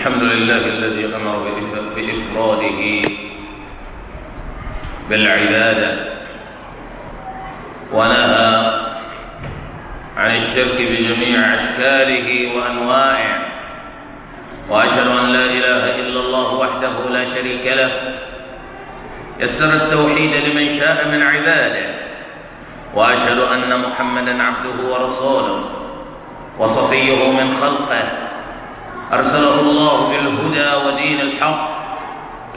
الحمد لله الذي أمر بإفراده بالعبادة ونهى عن الشرك بجميع أشكاله وأنواعه وأشهد أن لا إله إلا الله وحده لا شريك له يسر التوحيد لمن شاء من عباده وأشهد أن محمدا عبده ورسوله وصفيه من خلقه أرسله الله بالهدى ودين الحق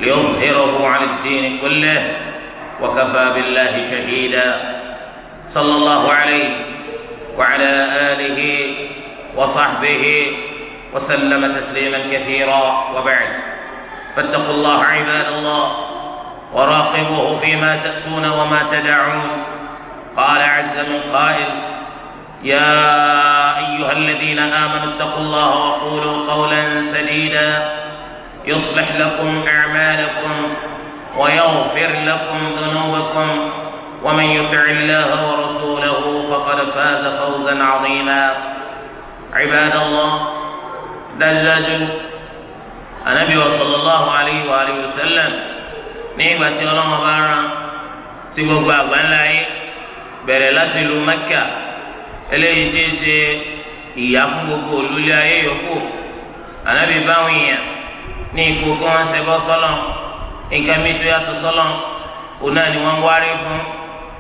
ليظهره على الدين كله وكفى بالله شهيدا صلى الله عليه وعلى آله وصحبه وسلم تسليما كثيرا وبعد فاتقوا الله عباد الله وراقبوه فيما تأتون وما تدعون قال عز من قائل يا أيها الذين آمنوا اتقوا الله وقولوا قولا سديدا يصلح لكم أعمالكم ويغفر لكم ذنوبكم ومن يطع الله ورسوله فقد فاز فوزا عظيما عباد الله دجاج النبي صلى الله عليه وآله وسلم نعمة رمضان سبب بابا لاي بلالة مكة eléyìí ti ń ṣe ìyá fún gbogbo olúlé ayé yòókù ànábì báwọn èèyàn ní ipò kí wọ́n ṣe bọ́ sọ́lọ̀ nǹkan mi tó yàtọ̀ sọ́lọ̀ òun náà ni wọn wárí fún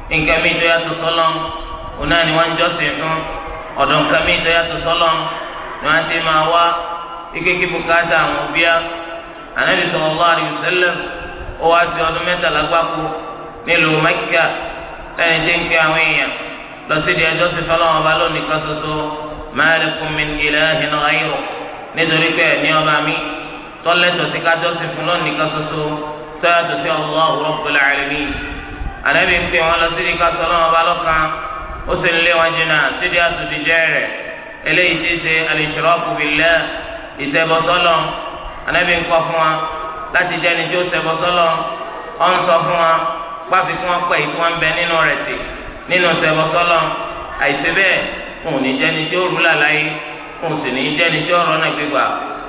nǹkan mi tó yàtọ̀ òun náà ni wọn ń fún ọ̀dọ̀ nǹkan mi tó ni wọn ti máa wá ikeke bùkátà àwọn ànábì ó wá sí ọdún lọsídìí ẹjọ́ ti fọlọ́wọn ọba lónìí kan ṣoṣo máàlìkùn min ilahin ghayru nítorí pé ẹ̀ ní ọba mi tọ́lẹ́tọ̀ sí kájọ́ ti fún lónìí kan ṣoṣo sọ́yàtọ̀ sí Allahu Rabbul Alamin ànábì ń pè wọ́n lọsídìí ká sọlọ́wọn ọba lọ́kan ó sì ń lé wọn jìnnà sídìí àtúndìjẹ́ rẹ̀ eléyìí ti ṣe al-ishraku billah ìṣẹ̀bọ̀sọ́lọ̀ ànábì nínú sẹbọ sọlọ àìsè bẹ́ẹ̀ òun ní jẹni tí ó rú làlàyé òun sì ní jẹni tí ó rọ náà gbégbà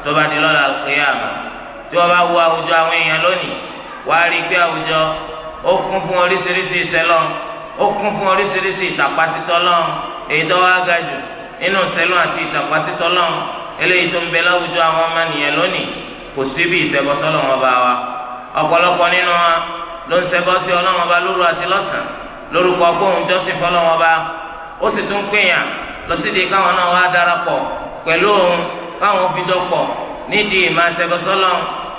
tó bá di lọ́la kéèyàmà tí wọ́n bá wo àwùjọ àwọn èèyàn lónìí wàá rí i pé àwùjọ ó kún fún oríṣiríṣi ìṣẹlọ ó kún fún oríṣiríṣi ìtàpá títọ́lọ́ èyí tó wá ga jù nínú ìṣẹlọ àti ìtàpá títọ́lọ́ eléyìí tó ń bẹ láwùjọ àwọn ọmọ nìyẹn lónìí kò síbi ìṣẹbọ sọ́lọ́run ọba wa ọ̀pọ̀lọpọ̀ nínú wa ló ń ṣẹbọ sí Ọlọ́run ọba lóru àti lọ́sàn-án lórúkọ gbóhùn jọ́sìn fọlọ́wọ́n bá ó sì tún pèèyàn lọ sí di káwọn náà wá darapọ̀ pẹ̀lú òun káwọn fi dọ́pọ̀ nídìí ìmọ̀ àtẹ̀bọ̀sọ́lọ́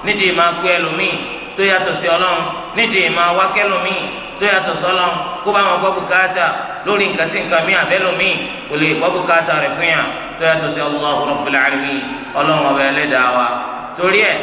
nídìí ìmọ̀ akú ẹlòmíì tó yàtọ̀ sí ọlọ́run nídìí ìmọ̀ awákẹ́lòmíì tó yàtọ̀ sọ́lọ́run kó bá wọn gbọ́ bùkátà lórí nǹkan sí nǹkan míì àbẹ́lòmíì kò lè gbọ́ bùkátà rẹ̀ fún tó yàtọ̀ sí ọlọ́run torí ẹ̀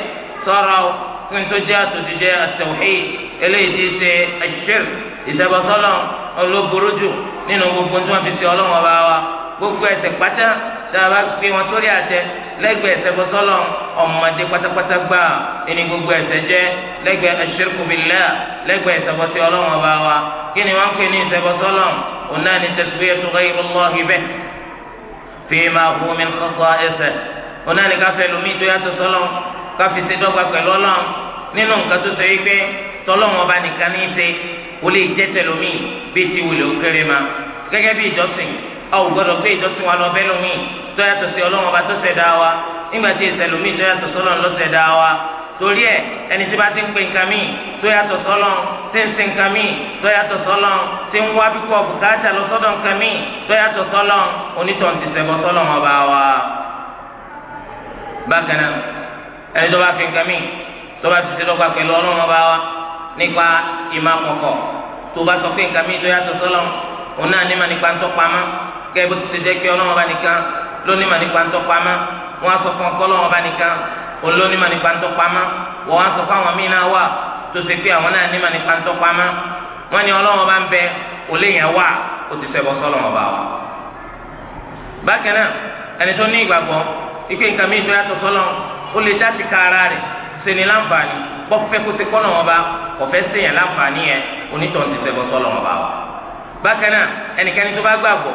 fún tó jẹ́ àtòjì jẹ́ at-tawhid eléyìí ti ṣe ash-shirk ìṣàbọ̀sọ́lọ̀ olóburú jù nínú gbogbo tí wọ́n fi ṣe ọlọ́wọ́n bá wa gbogbo ẹ̀ṣẹ̀ pátá tá a bá gbé wọn sórí àtẹ lẹ́gbẹ̀ẹ́ ìṣàbọ̀sọ́lọ̀ ọmọdé pátápátá gbà ẹni gbogbo ẹ̀ṣẹ̀ jẹ́ lẹ́gbẹ̀ẹ́ ash-shirku billah lẹ́gbẹ̀ẹ́ ìṣàbọ̀sí ọlọ́wọ́n wa kí ni wọ́n pè ní ìṣàbọ̀sọ́lọ̀ ọ̀nà ni tasbiyatu káfi se dọ́gba pẹ̀lú ọlọ́run nínú nǹkan tó ṣe wípé tọ́lọ́run ọba nìkan ní í ṣe kò lè jẹ́ tẹlómìn bíi ti wulẹ̀ òkèrè ma gẹ́gẹ́ bí ìjọsìn a ò gbọ́dọ̀ pé ìjọsìn wa lọ bẹ́ẹ̀ lómìn tó yàtọ̀ sí ọlọ́run ọba tó ṣẹ̀dá wa nígbà tí ìṣẹ̀lómìn tó yàtọ̀ sọ́lọ́run ló ṣẹ̀dá wa torí ẹ ẹni tí bá ti ń pe nǹkan míì tó yàtọ̀ sọ́lọ́ tí ń sin nǹkan míì tó yàtọ̀ tí ń wá bíkọ́ bùkátà lọ sọ́dọ̀ nǹkan míì tó yàtọ̀ onítọ̀ ń ti sẹ́bọ̀ sọ́lọ́ wọn wa. bákan náà ẹni tó bá fi nǹkan mí tó bá ti ṣe lọ́gbà pẹ̀lú ọlọ́run ọba wa nípa ìmọ̀ àkọ́kọ́ tó bá sọ pé nǹkan mí tó yàtọ̀ sọ́lọ́ òun náà ní ma nípa ń tọ́pamọ́ kẹ́ bó ti ṣe jẹ́ kí ọlọ́run ọba nìkan ló ní ma nípa ń tọ́pamọ́ wọ́n á sọ fún ọkọ́ ọlọ́run ọba nìkan òun ló ní ma nípa ń tọ́pamọ́ wọ́n á sọ fún àwọn míì náà wà tó ṣe pé àwọn náà ní ma nípa ń tọ́pamọ́ wọ́n ní ọlọ́run ọba ń bẹ òlé yẹn wà ó ti ṣẹbọ sọ́lọ́run ọba wa ó lè dá sí kára rẹ̀ ṣeni láǹfààní bọ́ fẹ́ kó ṣe kọ́nà wọn bá kò fẹ́ ṣèyàn láǹfààní yẹn onítọ̀hún ti ṣẹbọ sọ́lọ́ wọn bá wa. bákan náà ẹnikẹ́ni tó bá gbàgbọ́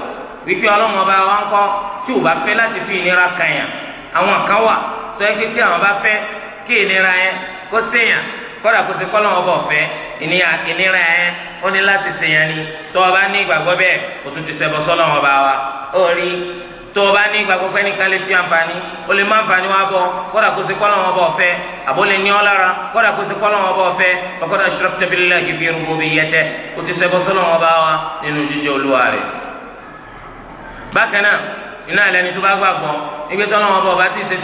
wípé ọlọ́wọ́n bá wa ń kọ́ tí ò bá fẹ́ láti fi ìnira kan yàn àwọn kan wà tó yẹ kí àwọn bá fẹ́ kí ìnira yẹn kó ṣèyàn kọ́dà kó ṣe kọ́nà wọn bọ̀ fẹ́ ìnira yẹn ó ní láti ṣèyàn ni tó o bá ní ìgbàgbọ́ bẹ́ẹ̀ kò wa. ó tó o bá ní gbàgbọ́ fẹ́ nìkan lè fi àǹfààní o lè má àǹfààní wa bọ̀ kódà kó ṣe kọ́lọ̀ wọn bọ̀ fẹ́ àbó lè ní ọ lára kódà kó ṣe kọ́lọ̀ wọn bọ̀ fẹ́ ọkọ̀dà ṣùrọ̀pù tẹ̀bílẹ̀ kì í fi rúgbó bí yẹtẹ o ti sẹ́kọ́ sọ́lọ̀ wọn bá wa nínú jíjẹ́ olúwa rẹ̀. bákan náà iná ẹlẹ́ni tó bá gbàgbọ́ ibi tọ́lọ̀ wọn bọ̀ bá ti ṣe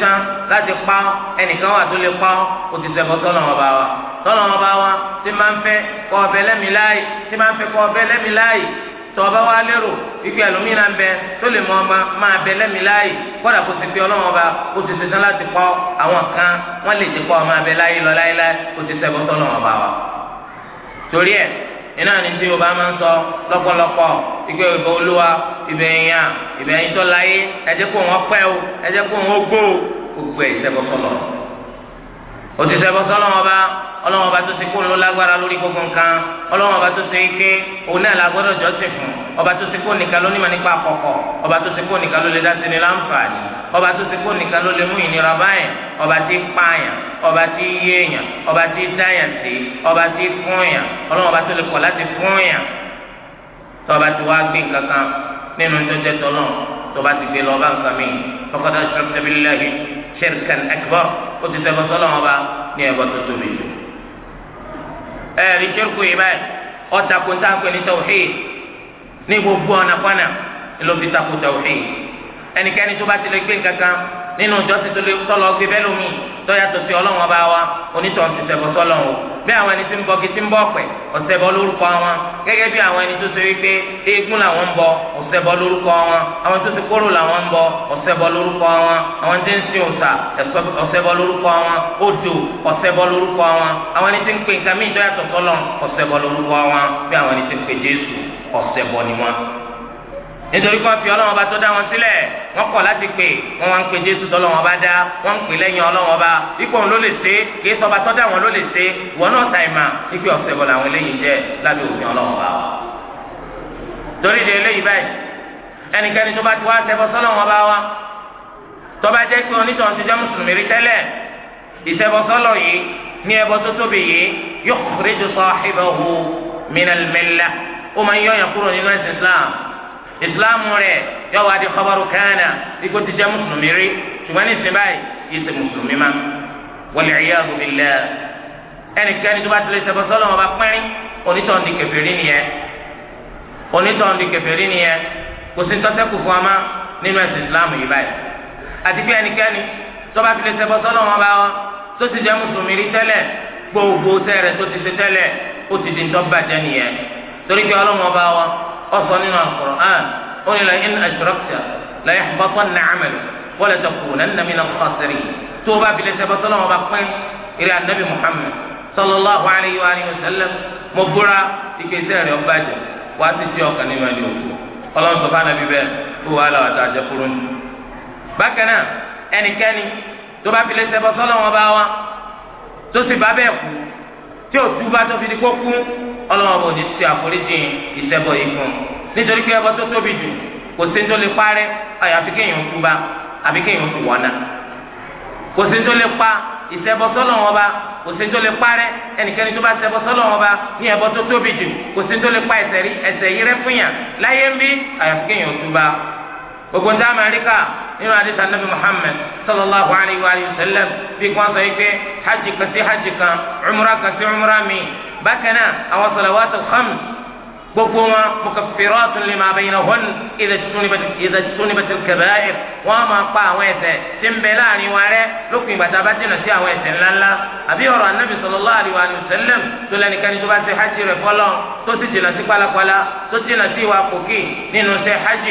láti pa ẹnìkan tọba wa lérò ikú ẹlòmínà ń bẹ tó lè mọ ọba máa bẹ lẹ́mi láàyè kódà kó ti fi ọlọ́wọ́n ọba kó ti ṣe tán láti kọ́ àwọn kan wọ́n lè ti kọ́ ọmọ abẹ láàyè lọ láéláé kó ti sẹ́gun tọ́lọ́wọ́n ọba wa. torí ẹ iná ni tí Yorùbá máa ń sọ lọ́pọ̀lọpọ̀ ikú ìbò olúwa ìbẹ̀ èèyàn ìbẹ̀ ẹ̀yìn láyé ẹ̀jẹ̀ kó wọn pẹ́ o ẹ̀jẹ̀ kó wọn gbó o gbogbo ẹ̀ sẹ́gun tọ́lọ́wọ́n ọlọ́wọ́n ọba tó ṣe kó ló lágbára lórí gbogbo nǹkan ọlọ́wọ́n ọba tó ṣe ike òun náà la gbọ́dọ̀ jọ́sìn fún ọba tó ṣe kó nìkan ló nímọ̀ nípa àkọ́kọ́ ọba tó ṣe kó nìkan ló lè dá sí ni láǹfààní ọba tó ṣe kó nìkan ló lè mú ìnira báyẹn ọba tí pààyàn ọba tí yéèyàn ọba tí dáyàn sí ọba tí fúnyàn ọlọ́wọ́n ọba tó lè kọ̀ láti fúnyàn tọba ti wá gbé kankan nínú jọjẹ tọlọ tọba ti gbé lọ bá nǹkan mi faqad ashrakta akbar ó ti ṣẹbọ tọlọ wọn bá ní ẹbọ tó tóbi jù ẹ̀rí ṣírkù yìí báyìí ọ̀tàkùn tá a pè ní tawhid ní gbogbo ọ̀nà kọ́nà ló fi takùn tawhid ẹnikẹ́ni tó bá ti gbé nǹkan kan nínú ìjọsìn tó lé tọ́lọ gbé bẹ́ẹ̀ lómi tọ́yàtọ̀ sí ọlọ́run ọba wa onítọ̀ ti ṣẹbọ sọ́lọ́run o bẹ́ẹ̀ àwọn ẹni tí ń bọ kí tí ń bọ ọ̀pẹ̀ ọ̀ṣẹbọ lórúkọ wọn gẹ́gẹ́ bí àwọn ẹni tó ṣe wípé eégún làwọn ń bọ ọ̀ṣẹbọ lórúkọ wọn àwọn tó ṣe kóró làwọn ń bọ ọ̀ṣẹbọ lórúkọ wọn àwọn tí ń sin òòṣà ọ̀ṣẹbọ lórúkọ wọn odò ọ̀ṣẹbọ lórúkọ wọn àwọn ẹni tí ń pè nǹkan mí ìjọyàtọ̀ sọ́lọ́run ọ̀ṣẹbọ lórúkọ wọn bí àwọn ẹni tí ń pè Jésù ọ̀ṣẹbọ ni wọn nítorí kí wọ́n fi ọlọ́wọ́n bá tó dá wọn sílẹ̀ wọ́n kọ̀ láti pè wọ́n wá ń pe jésù tọ́lọ́wọ́n bá dá wọ́n ń pè lẹ́yìn ọlọ́wọ́n bá ipò òun ló lè ṣe kì í sọba tó dá wọn ló lè ṣe wọn náà ta ìmà ipe ọ̀sẹ̀ bọ̀ làwọn eléyìí jẹ́ lábẹ́ òfin ọlọ́wọ́n bá wa. torí de eléyìí báyìí ẹnikẹ́ni tó bá ti wá ṣẹbọ sọ́lọ́wọ́n bá wa tó ìsìláàmù rẹ̀ yóò wá di kọ́bárù kánà ikú ti jẹ́ mùsùlùmí rí ṣùgbọ́n ní ìsìn báyìí kì í ṣe mùsùlùmí má wọlé ẹ̀yà òbílẹ̀ ẹnikẹ́ni tó bá tilẹ̀ ṣẹbọ sọ́lọ́ wọn bá pẹ́rín onítọ̀ ní kẹfẹ́rí nìyẹn onítọ̀ ní kẹfẹ́rí nìyẹn kò sí tọ́sẹ́kù fún ọmọ nínú ẹ̀sìn ìsìláàmù yìí báyìí àti bí ẹnikẹ́ni tó bá tilẹ̀ ṣẹbọ sọ́lọ́ wọn bá wọn tó ti jẹ́ mùsùlùmí rí tẹ́lẹ̀ gbogbo sẹ́rẹ̀ tó ti ṣe tẹ́lẹ̀ ó ti di ntọ́bàjẹ́ nìyẹn torí pé ọlọ́mọba wa ọsọ nínú Al-Qur'an ó ní la in ashrakta la yahbatanna 'amaluka wa la takunanna minal khasirin tó o bá bilẹ̀ sẹ́bọ̀ sọ́lá wọn bá pín ìrẹ́ anabi Muhammad sallallahu alayhi wa sallam mo búra ìgbésẹ̀ rẹ̀ ọba jẹ wá sí tí ọkàn nínú ẹni òkú ọlọ́run sọ fún anabi bẹ́ẹ̀ kó wàá làwọn àtàjẹ kúrò ní. bákan náà ẹnikẹ́ni tó bá bilẹ̀ sẹ́bọ̀ sọ́lá wọn bá wa tó sì bá bẹ́ẹ̀ kú tí òtún bá tó fi di kó kú ọlọ́run bò ní ti àforíjì ìṣẹ́bọ̀ yìí fún un nítorí pé ẹbọ tó tóbi jù kò sí tó lè parẹ́ àyàfi kéèyàn túba àbí kéèyàn tù wọ́n náà kò sí tó lè pa ìṣẹbọ sọ́lọ̀ wọn bá kò sí tó lè parẹ́ ẹnikẹ́ni tó bá ṣẹbọ sọ́lọ̀ wọn bá ní ẹbọ tó tóbi jù kò sí tó pa ẹ̀ṣẹ̀ rí ẹ̀ṣẹ̀ yìí rẹ́ fún yàn láyé ń bí àyàfi kéèyàn túba gbogbo ń dá amẹ́ríkà nínú adé sàn muhammed sallallahu alayhi wa sallam bí kò wọ́n sọ yìí pé hajj kan sí hajj kan umra kan sí umra mi bákan náà àwọn salawatul khams gbogbo wọn mukaffiratun lima baynahun idha ijtunibatil kaba'ir wọn máa pa àwọn ẹ̀ṣẹ̀ tí ń bẹ láàrin wọn rẹ́ lópin ìgbà tá a bá jìnnà sí àwọn ẹ̀ṣẹ̀ ńláńlá àbí ọ̀rọ̀ anabi sallallahu alaihi wa sallam tó lẹnikẹni tó bá ṣe hajj rẹ̀ fọlọ tó ti jìnnà sí pálapàla tó jìnnà sí ìwà kòkì nínú ṣe hajj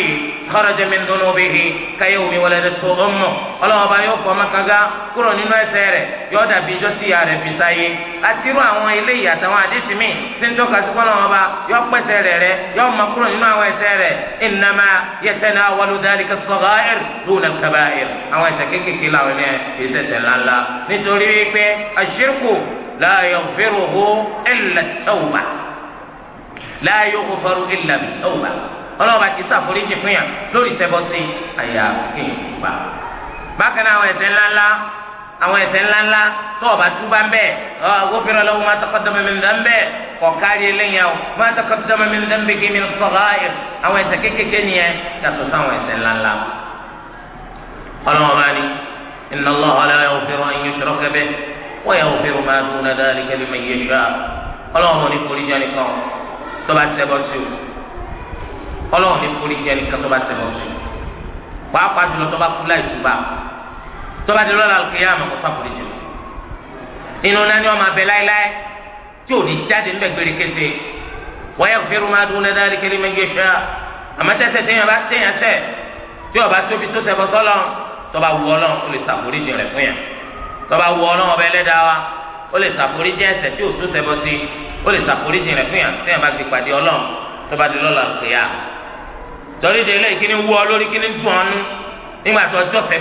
kharaja min dhunubihi kayawmi waladathu ummuh ọlọ́wọ́ bá yóò fọmọ kankan kúrò nínú ẹ̀ṣẹ̀ rẹ̀ yóò dàbí ijó sí ìyá rẹ̀ fi sáyé àtirú àwọn eléyìí àtàwọn àdìsí mi tí ń tọ́ka sí kọ́nà wọn bá yóò pẹ́sẹ̀ ẹsẹ̀ rẹ̀ rẹ̀ yọ ọmọ kúrò nínú àwọn ẹsẹ̀ rẹ̀ ìnàmà yẹtẹ̀nà wàlúdàlì kẹsọ̀gá ẹ̀r dùnà kaba ẹ̀r àwọn ẹsẹ̀ kékeré làwọn ẹ̀ ẹsẹ̀ ńláńlá nítorí wípé àṣírkù láàyò fẹ́rùhù ẹ̀là tẹ̀wà láàyò fẹ́rù ẹ̀là tẹ̀wà ọlọ́ọ̀bà ti sàforíjì fún lórí tẹ́bọ́sí àyà kéèyàn bákan náà àwọn ẹsẹ̀ ńláńlá àwọn ẹ̀ṣẹ̀ ńláńlá tó o bá túbà ń bẹ ọgọfẹrẹ lọ́wọ́ máa tọkọ dọmọ mi ń bẹ kọkárí eléyàn máa tọkọ dọmọ mi ń bẹ kí mi ń sọ̀rọ̀ ayẹ àwọn ẹ̀ṣẹ̀ kékeré nìyẹn yàtọ̀ sáwọn ẹ̀ṣẹ̀ ńláńlá. ọlọ́wọ́n bá ní inna Allaha la yaghfiru an yushraka bihi wa yaghfiru ma duna dhalika liman sí o ọlọ́wọ́n ní forí jẹ́ nìkan tó bá tẹ́ bọ́ sí o pàápàá jùlọ tó tọ́ba ti lọ́la kìí àmọ́ kó sàkóso jù inú nání ọmọ abẹ láéláé tí ò ní jáde níbẹ̀ gbére kété wọ́yẹ̀ fẹ́rù máa dún náà dáadé kéré méje fẹ́ àmọ́tẹ́sẹ̀ téèyàn bá téèyàn sẹ̀ tí ọba tóbi tó sẹ̀ bọ́sọ́ lọ tọ́ba wù ọ́ lọ́n ó lè sàkóso jù rẹ̀ fún yẹn tọ́ba wù ọ́ lọ́n ọba ẹlẹ́dàá wa ó lè sàkóso jù ẹsẹ̀ tí ò tó sẹ̀ sí ó lè sàkóso jù rẹ̀ fún yẹn téèyàn bá fi pàdé ọlọ́n tọ́ba ti lọ́la kìí torí de ilé ìkíni wú ọ lórí kíni dùn ọ́nú nígbà tó ọjọ́ fẹ́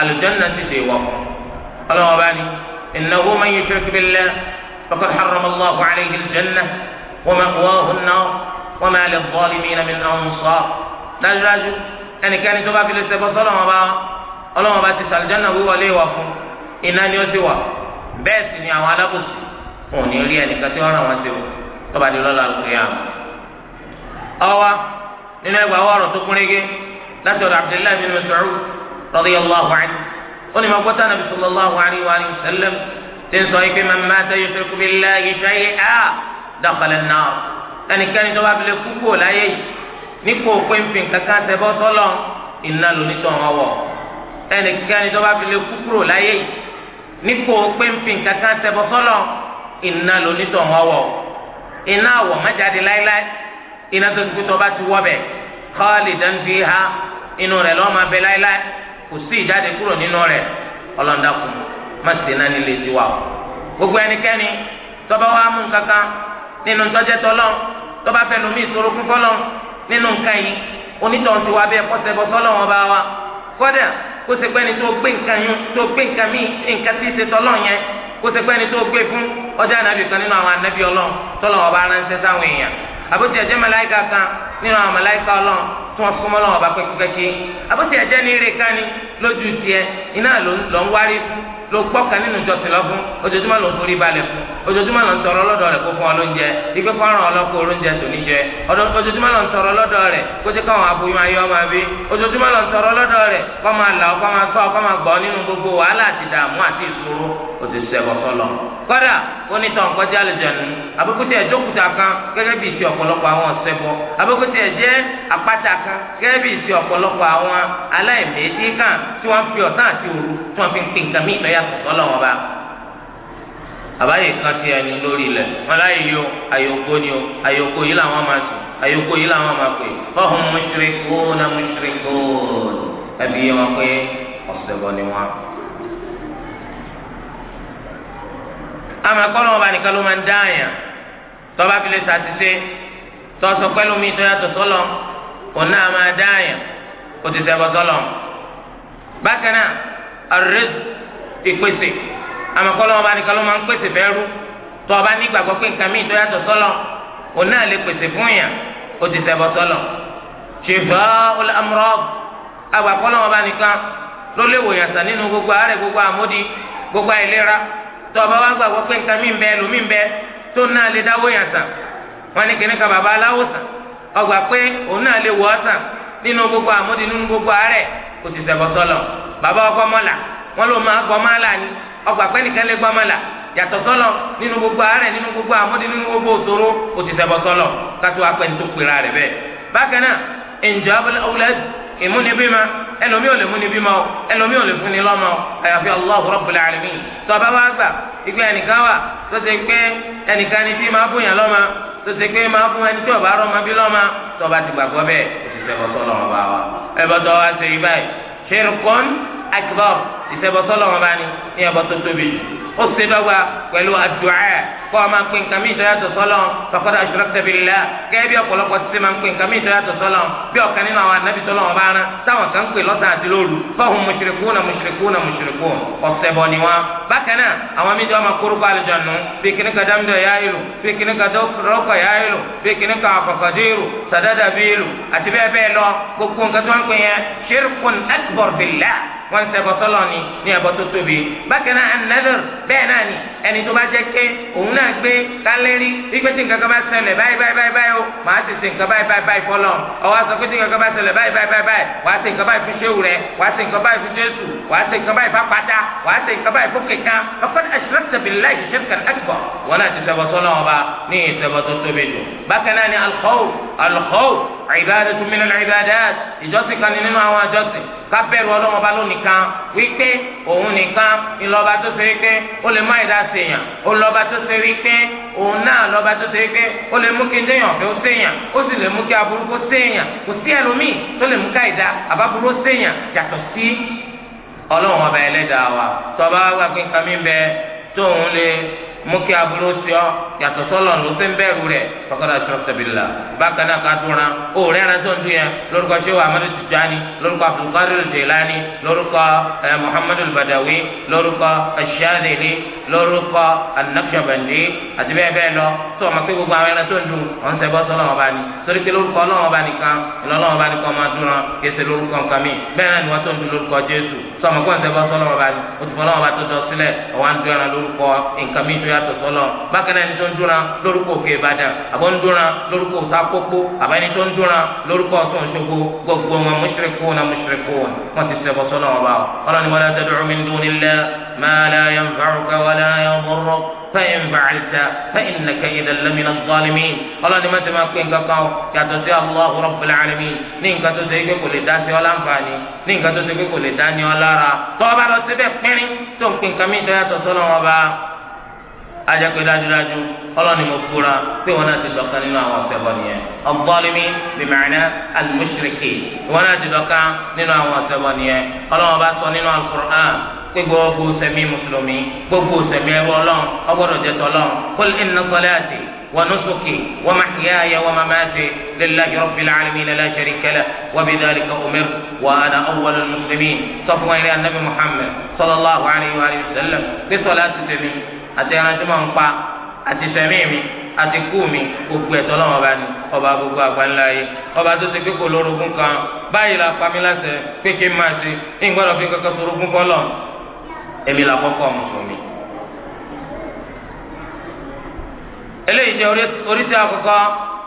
alùjọ́nà sì dè wọ̀ ọlọ́wọ́ bá ní ìnáwó máa yẹ ṣẹ́kí bí lẹ́ faqad harrama Allahu alayhi aljanna wa ma'wahu an-nar wa ma lil-zalimina min ansar dájúdájú ẹnikẹ́ni tó bá fi lè ṣẹbọ sọ́lọ́wọ́ bá ọlọ́wọ́ bá ti sàlùjọ́nà wíwọlé wọ̀ fún iná ni ó ti wà bẹ́ẹ̀ sì ni àwọn alábòsí wọn ò ní rí ẹnìkan tí wọ́n ràn wọ́n sí tó bá di lọ́la al-qiyamah nínú ẹgbàá wọ́ọ̀rọ̀ tó kúnrégé láti ọ̀dọ̀ radiyallahu anhu ó ní mọ̀gbọ́tà nàbí sallallahu alayhi wa sallam ti ń sọ yìí pé màmá ta yushriku billahi shay'an dakhala an-nar ẹnikẹ́ni tó bá fi lè kú kúrò láyé yìí ní kò pínpín kankan tẹ́bọ́ sọ́lọ́ iná lóní tó wọn wọ̀ ẹnikẹ́ni tó bá fi lè kú kúrò láyé yìí ní kò pínpín kankan tẹ́bọ́ sọ́lọ́ iná lóní tó wọn wọ̀ iná àwọ̀ májáde láéláé iná tó ti kú tó bá ti wọ́ bẹ̀ khalidan fiha inú rẹ̀ lọ́ọ́ máa bẹ láéláé kò sí ìjáde kúrò nínú rẹ̀ ọlọ́ndàkùn má ṣe náà nílé tiwa o gbogbo ẹnikẹ́ni tọ́ba wa mú kankan nínú tọ́jẹ́ tọ́lọ́ tọ́ba fẹ́ lomi ìṣòro fún fọ́lọ́ nínú nǹkan yìí onítọ̀hún ti wá bẹ́ẹ̀ kọ́sẹ̀ bọ́ sọ́lọ́ wọn bá wa kọ́dà kó ṣe pẹ́ni tó gbé nǹkan yín tó gbé nǹkan mí nǹkan tí ì ṣe tọ́lọ́ yẹn kó ṣe pẹ́ni tó gbé fún ọjà ànábì kan nínú àwọn ànábì ọlọ́run tọ́lọ́ wọn bá ránṣẹ́ sáwọn èèyàn àbótiẹ̀jẹ́ màláíkà kan nínú àwọn màláíkà ọlọ́run tí wọ́n súnmọ́ lọ́wọ́ bá pẹ́kípẹ́kí àbótí ẹ̀jẹ̀ ní eré kání lójú tiẹ̀ iná ló ń wárí fún ló gbọ́ kan nínú ìjọsìn lọ fún ojoojúmọ́ ló ń forí balẹ̀ fún ojoojúmọ́ ló ń tọrọ lọ́dọ̀ rẹ̀ kó fún ọ lóúnjẹ ikú fọ́nrán ọlọ́kọ̀ oúnjẹ tòní jẹ ojoojúmọ́ ló ń tọrọ lọ́dọ̀ rẹ̀ kó jẹ́ káwọn aboyún ayé ọmọ bí ojoojúmọ́ ló ń tọrọ lọ́dọ̀ rẹ̀ kó máa là kó máa sọ kó máa gbọ́ nínú gbogbo wàhálà àti dààmú àti ìṣòro òṣìṣẹ́ kọ́sọ́lọ́ kọ́dà onítàn kọjá àlùjànnú àbókútẹ̀ ẹ̀jọ́kùtà kan gẹ́gẹ́ bíi ti kan gẹ́gẹ́ bí ìsì ọ̀pọ̀lọpọ̀ àwọn aláìméjì kan tí wọ́n fi ọ̀sán àti òru tí wọ́n fi ń pè nǹkan mí ìlọ́yàtọ̀ sọ́lọ́ wọn bá àbáyé kan ti ẹni lórí ilẹ̀ wọn láyé yo àyòkó ni o àyòkó yìí làwọn máa sùn àyòkó yìí làwọn máa pè ọ̀hún mùsùlùmí na mùsùlùmí ẹbí wọn pé ọ̀sẹ̀bọ̀ ni wọn. àmọ́ akọ́lọ́ wọn bá nìkan ló máa ń dá àyàn tọ́ba fi lè ṣàtìṣe tọ́sọ pẹ́lú mi tó yàtọ̀ sọ́lọ́ ona ama adaanya dá àyàn bakana ti sẹ́bọ̀ sọ́lọ̀ bákan náà ar-rizq ìpèsè àmọ́kọ́lọ́ ọba nìkan ló máa ń pèsè fẹ́ rú tó ọba nígbàgbọ́ le nǹkan fún yàn ó ti sẹ́bọ̀ sọ́lọ̀ shifa'ul amrad àgbàkọ́lọ́ ọba nìkan ló lè wò yàtọ̀ nínú gbogbo àárẹ̀ gbogbo àmódi gbogbo àìlera tó ọba wa ọgbà pé òun náà lè wọ ọsàn nínú gbogbo àmúdi nínú gbogbo àárẹ̀ kò sì sẹbọ sọlọ bàbá ọkọ mọlà wọn ló máa gbọ mọlà ni ọgbà pé nìkan lè gbọ mọlà nínú gbogbo àárẹ̀ nínú gbogbo àmúdi nínú gbogbo kò sì sẹbọ sọlọ kátó tó ìmúnibímọ ẹlòmíì ò lè múnibímọ o ẹlòmíì ò lè fúnni lọ́mọ o àyàfi Allahu Rabbul Alamin tó o bá wá gbà ìgbà ẹnìkan wà tó ṣe pé ẹnìkan ni tí máa fún yàn lọ́mọ tó ṣe pé máa fún ẹni tí ò bá rọ́mọ bí lọ́mọ tó o bá ti gbàgbọ́ bẹ́ẹ̀ o ti sẹ́wọ́ wọn bá wa ẹ bọ́ tó wá ṣe ibà yìí ṣe é kọ́n akbar ìṣẹ́bọ̀sọ́lọ́ wọn bá ní ní ẹ̀bọ̀ tó tóbi jù ó ṣe dọ́gba pẹ̀lú àdúà kọ́ ọ máa pín nǹkan mí ìtọ́yàtọ̀ sọ́lọ́ faqad ashrakta billah kẹ́ bí ọ̀pọ̀lọpọ̀ ti ṣe máa ń pín nǹkan mí ìtọ́yàtọ̀ sọ́lọ́ bí ọ̀kan nínú àwọn anábì sọ́lọ́ wọn bá rán táwọn kan pè lọ́sàn àti lóru fọ́hùn mushrikuna mushrikuna mushrikun ọ̀sẹ̀ bọ̀ ni wọn. bákan náà àwọn míì jọ máa kórúkọ àlùjọ̀nù bí kíní wọ́n ń ṣẹbọ sọ́lọ̀ ni ní ẹbọ tó tóbi bákan náà anadol bẹ́ẹ̀ náà ni ẹni tó bá jẹ́ pé òun náà gbé kálẹ́rì wípé tí nǹkan kan bá ṣẹlẹ̀ báyìí báyìí báyìí o màá ti ṣe nǹkan báyìí báyìí báyìí fọlọ́ ọwọ́ sọ pé tí nǹkan kan bá ṣẹlẹ̀ báyìí báyìí báyìí wàá ṣe nǹkan báyìí fún ṣéwù rẹ wàá ṣe nǹkan báyìí fún jésù wàá ṣe nǹkan báyìí fápátá wàá ṣe nǹkan báyìí fún kẹta ọkọ ashrakta billahi shirkan akbar wọn náà ti ṣẹbọ sọ́lọ́ ọba ní ìṣẹbọ tó tóbi jù bákan náà ni alqawl alkhawf ibadatu min al-ibadat ìjọsìn kan ní nínú àwọn àjọsìn kábẹ́rù ọlọ́wọ́n bá lónìí kan wípé òun nìkan ńlọba tó ṣe wípé ó lè má ìdá sèèyàn ó lọba tó ṣe wípé òun náà lọba tó ṣe wípé ó lè mú kí ndéèyàn fẹ́ ó sèèyàn ó sì lè mú kí aburú sèèyàn kò sí ẹlòmíì tó lè mú ká ìdá sèèyàn yàtọ̀ sí ọlọ́wọ́n ẹlẹ́dàá wa tọ́ba wá pé kàmí bẹ tóun lè mú kí aburú sí ọ yàtọ̀ sọ́lọ̀ ló fi ń bẹ̀rù rẹ̀ fọkàdà sọ́kítàbílà bákan náà ká tó ran ó rẹ́ran tó ń dún yẹn lórúkọ ṣéwà amadu tijani lórúkọ abdulkadir jelani lórúkọ ẹ eh, muhammadu badawi lórúkọ aṣáadeli lórúkọ anakshabandi àti bẹ́ẹ̀ bẹ́ẹ̀ lọ tó ọmọ pé gbogbo àwọn ẹran tó ń dún ọ̀n sẹ́ bọ́ sọ́lọ́ ọba ni torí pé lórúkọ ọlọ́run ọba nìkan ìlọ́lọ́run ọba nìkan máa dún ran kése lórúkọ nǹkan bẹ́ẹ̀ náà ni wọ́n tó lórúkọ jésù sọ ọmọ yàtọ̀ sọ́nà bákan náà ẹni tó ń dúnra lórúkọ òkè ìbàdàn àbọ̀ ń dúnra lórúkọ sákókó àbẹ́ni tó ń dúnra lórúkọ ọ̀sán òṣogbo gbogbo wọn mushrikuna mushrikun wọn ti ṣẹbọ sọ́nà ọba o ọlọ́ni wala tad'u min dunillah ma la yanfa'uka wala yadurruk fẹ́yìn bàcàlìtà fẹ́yìn nàkà ìdàlẹ́mìnà zọ́lẹ́mì ọlọ́ni má ti máa pín kankan yàtọ̀ sí allah rabbil alamin ní nǹkan tó ṣe é pé kò lè dá sí ọ láǹfààní ní nǹkan tó ṣe é pé kò lè dá ní ọ lára tọ́ ọ bá lọ síbẹ̀ pínrín tó ń pín nǹkan mi ìtọ́ yàtọ̀ sọ́nà ọba ajakpe dájúdájú ọlọ́ni mo fura pé wọn náà ti dọ̀kan nínú àwọn ọ̀sẹ̀bọ nìyẹn ọ̀gbọ́nimi bìmọ̀ọ́nà alimusiriki wọn náà ti dọ̀kan nínú àwọn ọ̀sẹ̀bọ nìyẹn ọlọ́wọ́n bá sọ nínú alukur'an pé gbogbo sẹ̀mí mùsùlùmí gbogbo sẹ̀mí ẹ̀rọ ọlọ́run ọgbọ́dọ̀ jẹ́ tọ́lọ́run kólé ẹ̀nà sọlẹ́ àti ونسكي ومحياي ومماتي لله رب العالمين لا شريك له وبذلك أمرت وأنا أول المسلمين صفوا إلى النبي محمد صلى الله عليه وسلم بصلاة تمين àti ẹran tí mo ń pa àti sẹ̀mí mi àti kú mi gbogbo ẹ̀tọ́ lọ́wọ́n bá ní ọba gbogbo àgbáńlá yìí ọba tó ti kéko lórogún kan báyìí la pami láṣẹ pé kí n máa ṣe ní gbọ́dọ̀ fi kankan sorogún bọ́lọ̀ èmi là kọ́kọ́ mùsùlùmí. eléyìí jẹ́ oríṣi àkọ́kọ́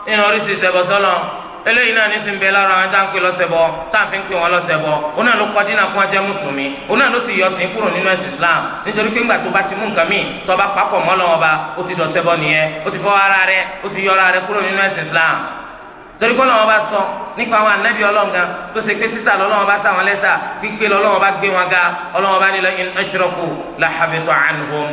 nínú oríṣi ìṣẹ̀bọ̀sọ́lọ́ eléyìí náà ní ti ń bẹ lára àwọn táǹpé lọ́sẹ̀bọ táǹpé ń pè wọ́n lọ́sẹ̀bọ òun náà ló kọ́ dínà fún ajẹ́ mùsùlùmí òun náà ló sì yọ sí kúrò nínú ẹ̀sìn Islam nítorí pé ńgbà tó bá ti mú nǹkan míì tó bá papọ̀ mọ́ Ọlọ́run Ọba ó ti dọ̀sẹ̀bọ nìyẹn ó ti fọ́ ara rẹ̀ ó ti yọ ara rẹ̀ kúrò nínú ẹ̀sìn Islam torí kọ́ lọ́wọ́ bá sọ nípa àwọn anábì ọlọ́ǹga tó ṣe pé títà lọ́wọ́ bá sáwọn lẹ́sà gbígbé lọ́wọ́ bá gbé wọn ga ọlọ́wọ́ bá nílò in ashraku la habita anhum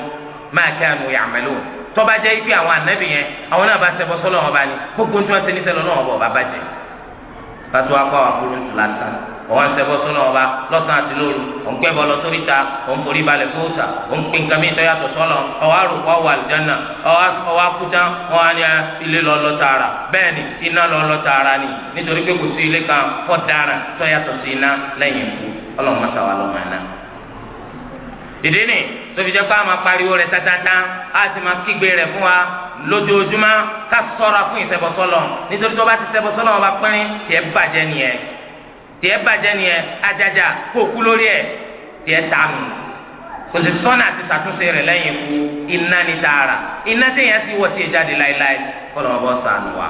ma kanu ya'malun tọ́ba jẹ́ ife àwọn ànábì yẹn àwọn náà bá sẹ́bọ̀ sọ́lọ́ wọn bá ní gbogbo tí wọ́n ti ní sẹ́lọ̀ náà wọ́n bọ̀ bá bàjẹ́ pàtó akọ àkúrú làtà ọwọ́n sẹ́bọ̀ sọ́lọ́ wọn bá lọ́sàn-án àti lóru òun pẹ́ bọ́ lọ sórí ta òun forí balẹ̀ fóòsà òun pín nǹkan mìíràn ọwọ́ àrùkọ́ wà àlùjáná ọwọ́ akúta wọn á ah, ilé lọ tààrà bẹ́ẹ̀ ni iná lọ lọ tààrà ni nítorí pé kò sí ilé kan fọ́ dára tó sí iná lẹ́yìn ikú ọlọ́run mọ́tàwá lọ́mọ náà dìde ní tóbi jẹ́ pé a máa pariwo rẹ̀ tatata a sì máa kígbe rẹ̀ fún wa lójoojúmọ́ ká sọ́ra fún ìṣẹbọsọ́lọ̀ nítorí tó bá ti ṣẹbọsọ́lọ̀ wọn bá pẹ́rín tiẹ̀ bàjẹ́ nìyẹn tiẹ̀ bàjẹ́ nìyẹn ajaja kó kú lórí ẹ̀ tiẹ̀ tààmù kò sì àti ṣàtúnṣe rẹ̀ lẹ́yìn ikú iná ní tààrà iná tẹ̀yẹ́ sì wọ́ tiẹ̀ jáde láéláé kọ́ lọ́wọ́ bọ́ sànù wa.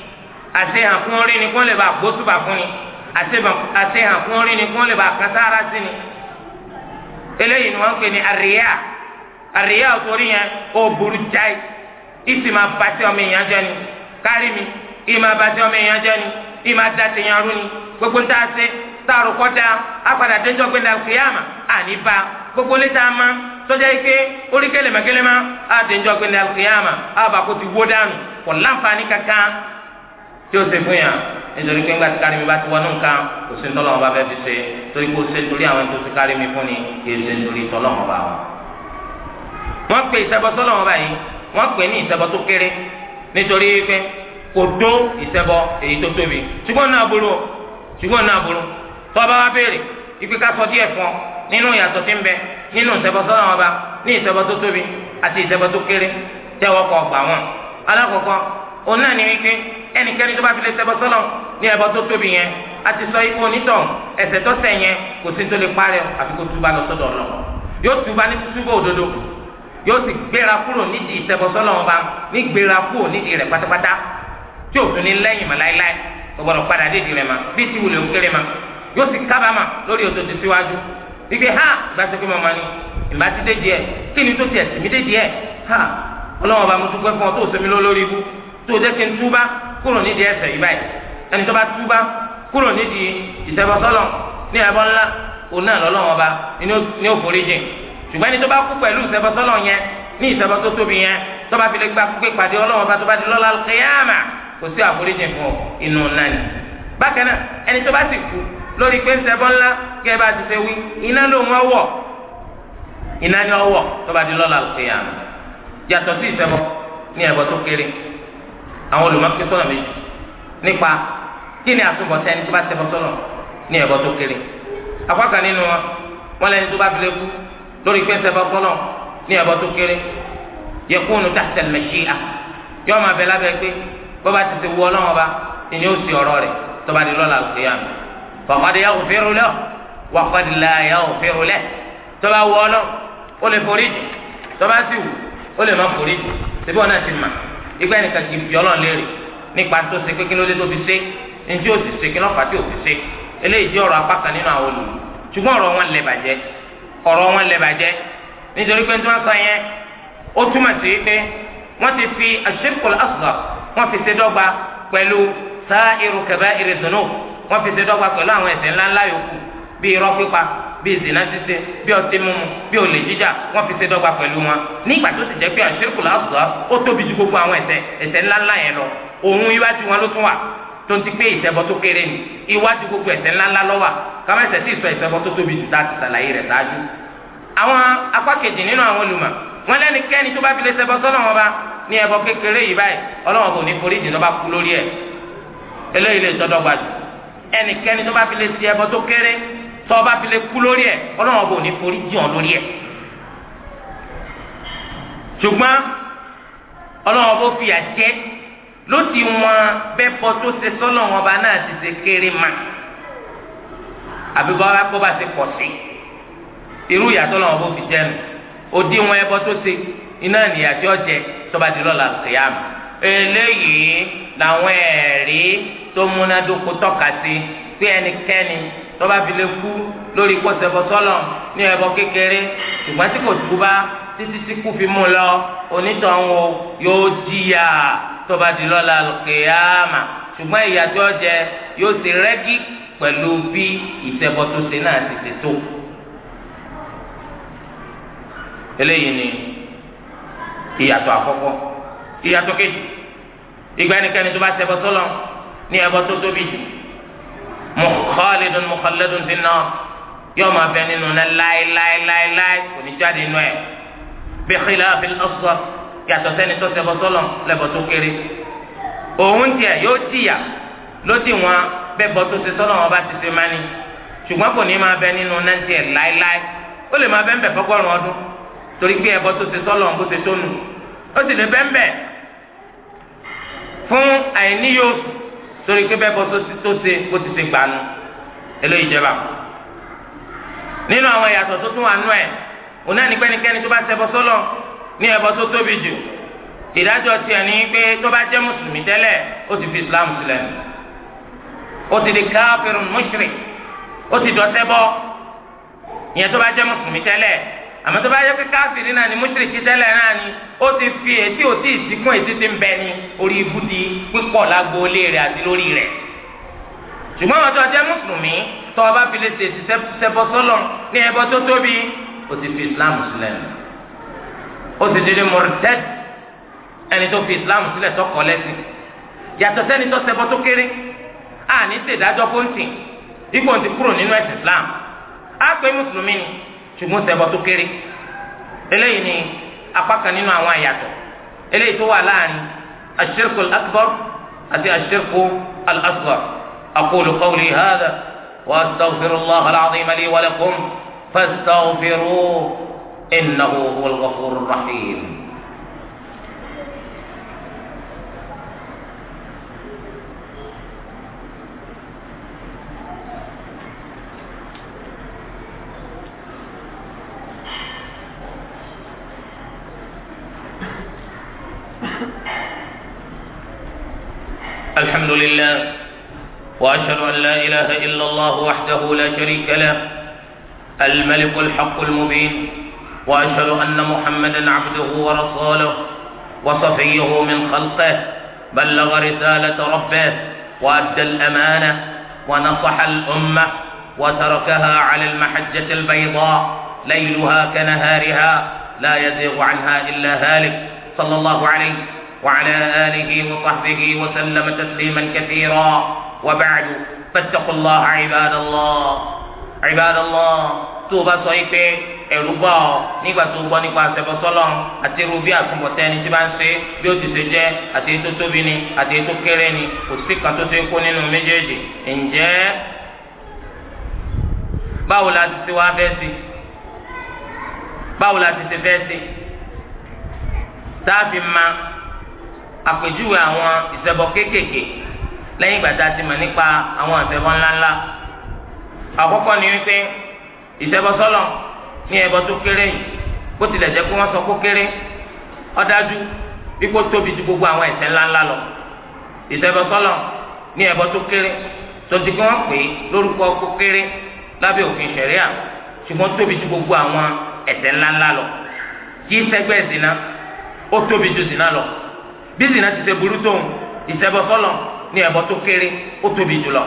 àṣehàn fún orí ni kó lè bá gbósùbà fún ni àṣehàn fún orí ni kó lè bá sí ni eléyìí ni pè ní àríyá àríyá òtórí yẹn ó burú jáì ìsì máa bá tí ọmọ èèyàn jẹ ni kárí mi ìmọ̀ àbájá ọmọ èèyàn jẹ ni ìmọ̀ àdá tèèyàn rú ni gbogbo ń a ṣe tá a rò kọ́ apàdà déjọ́ pé gbogbo a sọjá yìí pé orí pé ti tí ó ṣe fún yàn nítorí pé ńgbà tí kárí mi bá ti wọnú nǹkan kò sí ntọ́lọ́ wọn bá fẹ́ fi ṣe torí kó ṣe nítorí àwọn tó ti kárí mi fún ni kì í ṣe nítorí tọ́lọ́ wọn bá wọn. wọ́n pe ìṣẹ́bọ sọ́lọ́ wọn báyìí wọ́n pè ní ìṣẹ́bọ tó kéré nítorí pé kò dó ìṣẹ́bọ èyí tó tóbi ṣùgbọ́n náà burú ṣùgbọ́n náà burú tọ́ bá wá béèrè ìpè ká sọ díẹ̀ fún ọ nínú ìyàtọ̀ tí ń bẹ nínú ìṣẹ́bọ sọ́lọ́ òun náà ní wípé ẹnikẹ́ni tó bá fi lè ṣẹbọ sọ́lọ̀ ní ẹbọ tó tóbi yẹn a ti sọ ipò onítọ̀ ẹ̀ṣẹ̀ tó ṣẹ̀ yẹn kò sí tó lè parẹ́ àfi kó túbà lọ sọ́dọ̀ ọ̀nà yóò túbà ní túbọ̀ òdodo yóò sì gbéra kúrò nídìí ìṣẹbọ sọ́lọ̀ wọn bá ní gbéra kúrò nídìí rẹ̀ pátápátá tí ò tún ní lẹ́yìn mọ́ láéláé kò gbọdọ̀ padà nídìí rẹ̀ mọ́ bí ti wulẹ̀ òkèrè mọ́ yóò sì kábàámà lórí òtòtò síwájú ìgbé ha ìgbàsẹ̀ pé màmá ni ìgbà ti dé díẹ̀ kí ni tó tiẹ̀ sì mí dé díẹ̀ ha ọlọ́wọ́n bá mo dúpẹ́ fún ọ tó sẹ́mi lólórí ibú tó jẹ́ kí n túbá kúrò nídìí ẹ̀ṣẹ̀ yìí báyìí ẹni tó bá túbá kúrò nídìí ìṣẹ́bọsọ́lọ̀ ní ẹ̀bọ ńlá òun náà lọ́lọ́wọ́n ba ní òforíjì ṣùgbọ́n ẹni tó bá kú pẹ̀lú ìṣẹ́bọsọ́lọ̀ yẹn ní ìṣẹ́bọ tó tóbi yẹn tó bá fi lè gba pé pàdé ọlọ́wọ́n ba tó bá di lọ́la kéyàmà kò sí àforíjì fún inú náà ni. bákan náà ẹni tó bá sì kú lórí pé ìṣẹ́bọ ńlá kẹ́ bá ti ṣe wí iná ló ń wọ̀ iná ni ọwọ́ tó bá di lọ́la kéyàmà yàtọ̀ sí ìṣẹ́bọ ní ẹ̀bọ tó kéré àwọn olùmọ̀pẹ́ sọ̀rọ̀ méjì nípa kí ni àtúbọ̀tán ẹni tó bá ṣẹbọ sọ̀rọ̀ ní ẹ̀bọ tó kéré apáka nínú wọn wọn lẹni tó bá fi lé kú lórí pé ṣẹbọ sọ̀rọ̀ ní ẹ̀bọ tó kéré yakunu tahta al-mashi'a yọ ọmọ abẹ lábẹ pé bọba ti ti wú Ọlọ́run ọba ìyẹn ó sì ọ̀rọ̀ rẹ̀ tọba di lọla al-qiyama ìgbà ẹnìkan kì í fi ọlọ́run léèrè nípa tó ṣe pé kí ló dé tó fi ṣe njẹ o ti ṣe kí lọ́fà tí o fi ṣe eléyìí jẹ́ ọ̀rọ̀ apá kan nínú àwọn olùlù ṣùgbọ́n ọ̀rọ̀ wọn lè bàjẹ́ ọ̀rọ̀ wọn lè bàjẹ́ nítorí pé tí wọ́n sọ yẹn ó túmọ̀ sí pé wọ́n ti fi ash-shirkul asghar wọ́n fi ṣe dọ́gba pẹ̀lú sa'iru kaba'iri dhunub wọ́n fi ṣe dọ́gba pẹ̀lú àwọn ẹ̀ṣẹ̀ ńláńlá yòókù bíi irọ́ pípa bí zina ṣíṣe bí ọtí mímu bí olè jíjà wọ́n fi ṣe dọ́gba pẹ̀lú wọn nígbà tó sì jẹ́ pé àṣírkù làásùá ó tóbi ju gbogbo àwọn ẹ̀ṣẹ̀ ẹ̀ṣẹ̀ ńláńlá yẹn lọ òun iwájú wọn ló tún wà tó ń ti pé ìṣẹbọ tó kéré ni iwájú gbogbo ẹ̀ṣẹ̀ ńláńlá lọ wà káwọn ẹ̀ṣẹ̀ tí ì sọ ìṣẹbọ tó tóbi ju táà ti ṣàlàyé rẹ̀ ṣáájú. àwọn apá kejì nínú àwọn olùmọ̀ wọn lẹ́nikẹ́ni tó bá fi lè ṣẹbọ sọ́nà wọn bá ní ẹbọ kékeré yìí báyìí ọlọ́wọ́n kò ní forí jìn lọ́ba kú lórí ẹ̀ eléyìí lè tọ́dọ̀ gbàdú ẹnikẹ́ni tó bá fi lè ṣe ẹbọ tó kéré tọ́ ọ bá fi lè kú lórí ẹ̀ ọlọ́run ọba ò ní forí jìn ọ́ lórí ẹ̀ ṣùgbọ́n ọlọ́run ọba ó fi àjẹ́ ló ti wọn bẹ́ẹ̀ bọ́ tó ṣe sọ́nà ọba náà ti ṣe kéré ma àbí bọ́lá kó bá ṣe pọ̀ sí irú ìyàtọ̀ ọlọ́run ọba ó fi jẹ́ nu òdi wọn ẹbọ tó ṣe iná nìyàtọ̀ jẹ tọ́ba di lọ́la kìyàmù eléyìí làwọn ẹ̀rí tó múnádóko tọ́ka sí pé ẹnikẹ́ni tọ́ba fi lè kú lórí pọ̀sẹ̀bọ sọ́lọ̀ ní ẹbọ kékeré ṣùgbọ́n tí kò tú bá títí tí kú fi mú lọ onítọ̀hún o yóò jìyà tọ́ba di lọ́la kéyàmà ṣùgbọ́n ìyà tí ó jẹ yóò ti rẹ́gí pẹ̀lú bí ìṣẹbọ tó ṣe náà ti ṣe tó. eléyìí ni ìyàtọ̀ àkọ́kọ́ ìyàtọ̀ kejì ìgbà ẹnikẹ́ni tó bá ṣẹbọ sọ́lọ̀ ní ẹbọ tó tóbi jù mukhalidun mukhalladun fi nnar yóò máa bẹ nínú náà láéláéláéláé kò ní jáde nínú ẹ̀ bí khilafi al-asghar yàtọ̀ sẹ́ni tó ṣẹbọ sọ́lọ̀ lẹ́bọ̀ tó kéré òun tiẹ̀ yóò jìyà lódì wọn bẹ́bọ̀ tó ṣe sọ́lọ̀ wọn bá ti ṣe máa ní ṣùgbọ́n kò ní máa bẹ nínú náà tiẹ̀ láéláé ó lè máa bẹ ń bẹ fọ́gọ́rùn ọdún torí pé ẹbọ tó ṣe sọ́lọ̀ bó ṣe tó nù ó sì lè bẹ ń bẹ fún àìníyóòsù torí pé bẹ́ẹ̀ bọ́ tó ṣe bó ti ṣe gbanu eléyìí jẹba nínú àwọn ìyàtọ̀ tó tún wà nú ẹ̀ òun náà ní pẹ́nikẹ́ni tó bá ṣẹbọ sọ́lọ̀ ní ẹbọ tó tóbi jù ìdájọ́ tiẹ̀ ní pé tó bá jẹ́ mùsùlùmí tẹ́lẹ̀ ó ti fi islam sílẹ̀ ó ti di káfírun mushrik ó ti dọ̀ṣẹbọ ìyẹn tó bá jẹ́ mùsùlùmí tẹ́lẹ̀ àmọ́ tó bá yẹ pé káfíìrì náà ni mùsùlùmí tẹ́lẹ̀ náà ni ó ti fi etí òtí ìsìnkún etí ti ń bẹ ni orí ibú di pípọ̀ lágboolé rẹ̀ àti lórí rẹ̀ ṣùgbọ́n àwọn tó jẹ́ mùsùlùmí tó ọba fi lè ṣe ìṣẹ́bọ sọ́lọ̀ ní ẹbọ tó tóbi ó ti fi islam sílẹ̀ ó ti di mọ̀rẹ́tẹ́d ẹni tó fi islam sílẹ̀ tó kọ̀ lẹ́sìn yàtọ̀ sẹ́ni tó ṣẹbọ tó kéré àní ṣèdájọ́ kóńtì ipò ti kúrò nínú ẹ̀sìn islam á pé mùsùlùmí ni ṣùgbọ́n sẹ́bọ̀ tó kéré eléyìí ni apá kan nínú àwọn àyàtọ̀ eléyìí tó wà láàrin ashirku al-akbar àti ashirku al-asghar aqulu qawli hada wa astaghfirullah al-azim li wa lakum fastaghfiruhu innahu huwal ghafurur rahim. وأشهد أن لا إله إلا الله وحده لا شريك له الملك الحق المبين وأشهد أن محمدا عبده ورسوله وصفيه من خلقه بلغ رسالة ربه وأدى الأمانة ونصح الأمة وتركها على المحجة البيضاء ليلها كنهارها لا يزيغ عنها إلا هالك صلى الله عليه وعلى آله وصحبه وسلم تسليما كثيرا وبعد فاتقوا الله عباد الله عباد الله توبا صيبه ẹrúgbọ́ ọ nígbà tó gbọ́ nípa àṣẹbọ́sọ́lọ́ àti irú bí àtúbọ̀tẹ́ ẹni tí bá ń ṣe bí ó ti ṣe jẹ́ àti ètò tóbi ni àti ètò kéré ni kò sí kan tó ṣe kó nínú méjèèjì ǹjẹ́ báwo la ti ṣe wá fẹ́ sí báwo la ti ṣe fẹ́ sí tá a fi ma àpèjúwe àwọn ìṣẹbọ kéékèèké lẹ́yìn ìgbà tá a ti mọ̀ nípa àwọn ìṣẹbọ ńláńlá àkọ́kọ́ ni wípé ìṣẹbọ sọ́lọ̀ ní ẹbọ tó kéré yìí bó tilẹ̀ jẹ́ kó wọ́n sọ kó kéré ó dájú ikú tóbi ju gbogbo àwọn ẹ̀ṣẹ̀ ńláńlá lọ ìṣẹbọ sọ́lọ̀ ní ẹbọ tó kéré tọ́jú kí wọ́n pè é lórúkọ kó kéré lábẹ́ òfin ṣẹ̀ríà ṣùgbọ́n tóbi ju gbogbo àwọn ẹ̀ṣẹ̀ ńláńlá lọ kì í ṣẹgbẹ́ ìsìná ó tóbi ju ìsìná lọ bí ìsìná ti ṣe burú tóun ìṣẹbọ sọ́lọ̀ ní ẹbọ tó kéré ó tóbi jùlọ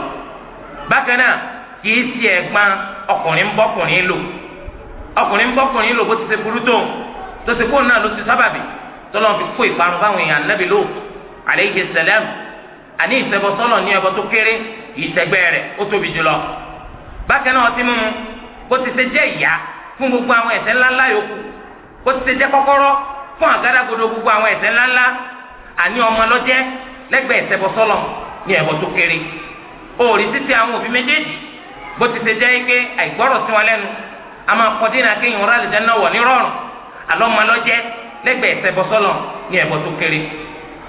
bákan náà kì í sí ẹ̀gbọ́n ọkùnrin bọkùnrin lò ọkùnrin bọkùnrin lò bó ti ṣe burú tó tó ṣe kó náà ló ti sábàbí tọ́lọ́ fi kó ìparun báwọn èèyàn nábì lò aleyhi sẹlẹm àní ìṣẹbọ sọlọ ní ẹbọ tó kéré ìṣẹgbẹ rẹ̀ ó tóbi jùlọ bákan náà ọtí mímu bó ti ṣe jẹ ìyá fún gbogbo àwọn ẹ̀ṣẹ̀ ńláńlá yòókù bó ti ṣe jẹ kọ́kọ́rọ́ fún àgádágodo gbogbo àwọn ẹ̀ṣẹ̀ ńláńlá àní ọmọ lọjẹ lẹ́gbẹ̀ẹ́ ìṣẹbọ sọlọ ní ẹbọ tó kéré òòrì títí àwọn òbí méjèèjì bó ti ṣe jẹ́ pé àìgbọ́rọ̀ sí wọn lẹ́nu a máa kọ́ dínà kéèyàn rà lè dáná wọ̀ ní rọrùn àlọ́ máa lọ jẹ́ lẹ́gbẹ̀ẹ́ ìṣẹbọ sọlọ ní ẹbọ tó kéré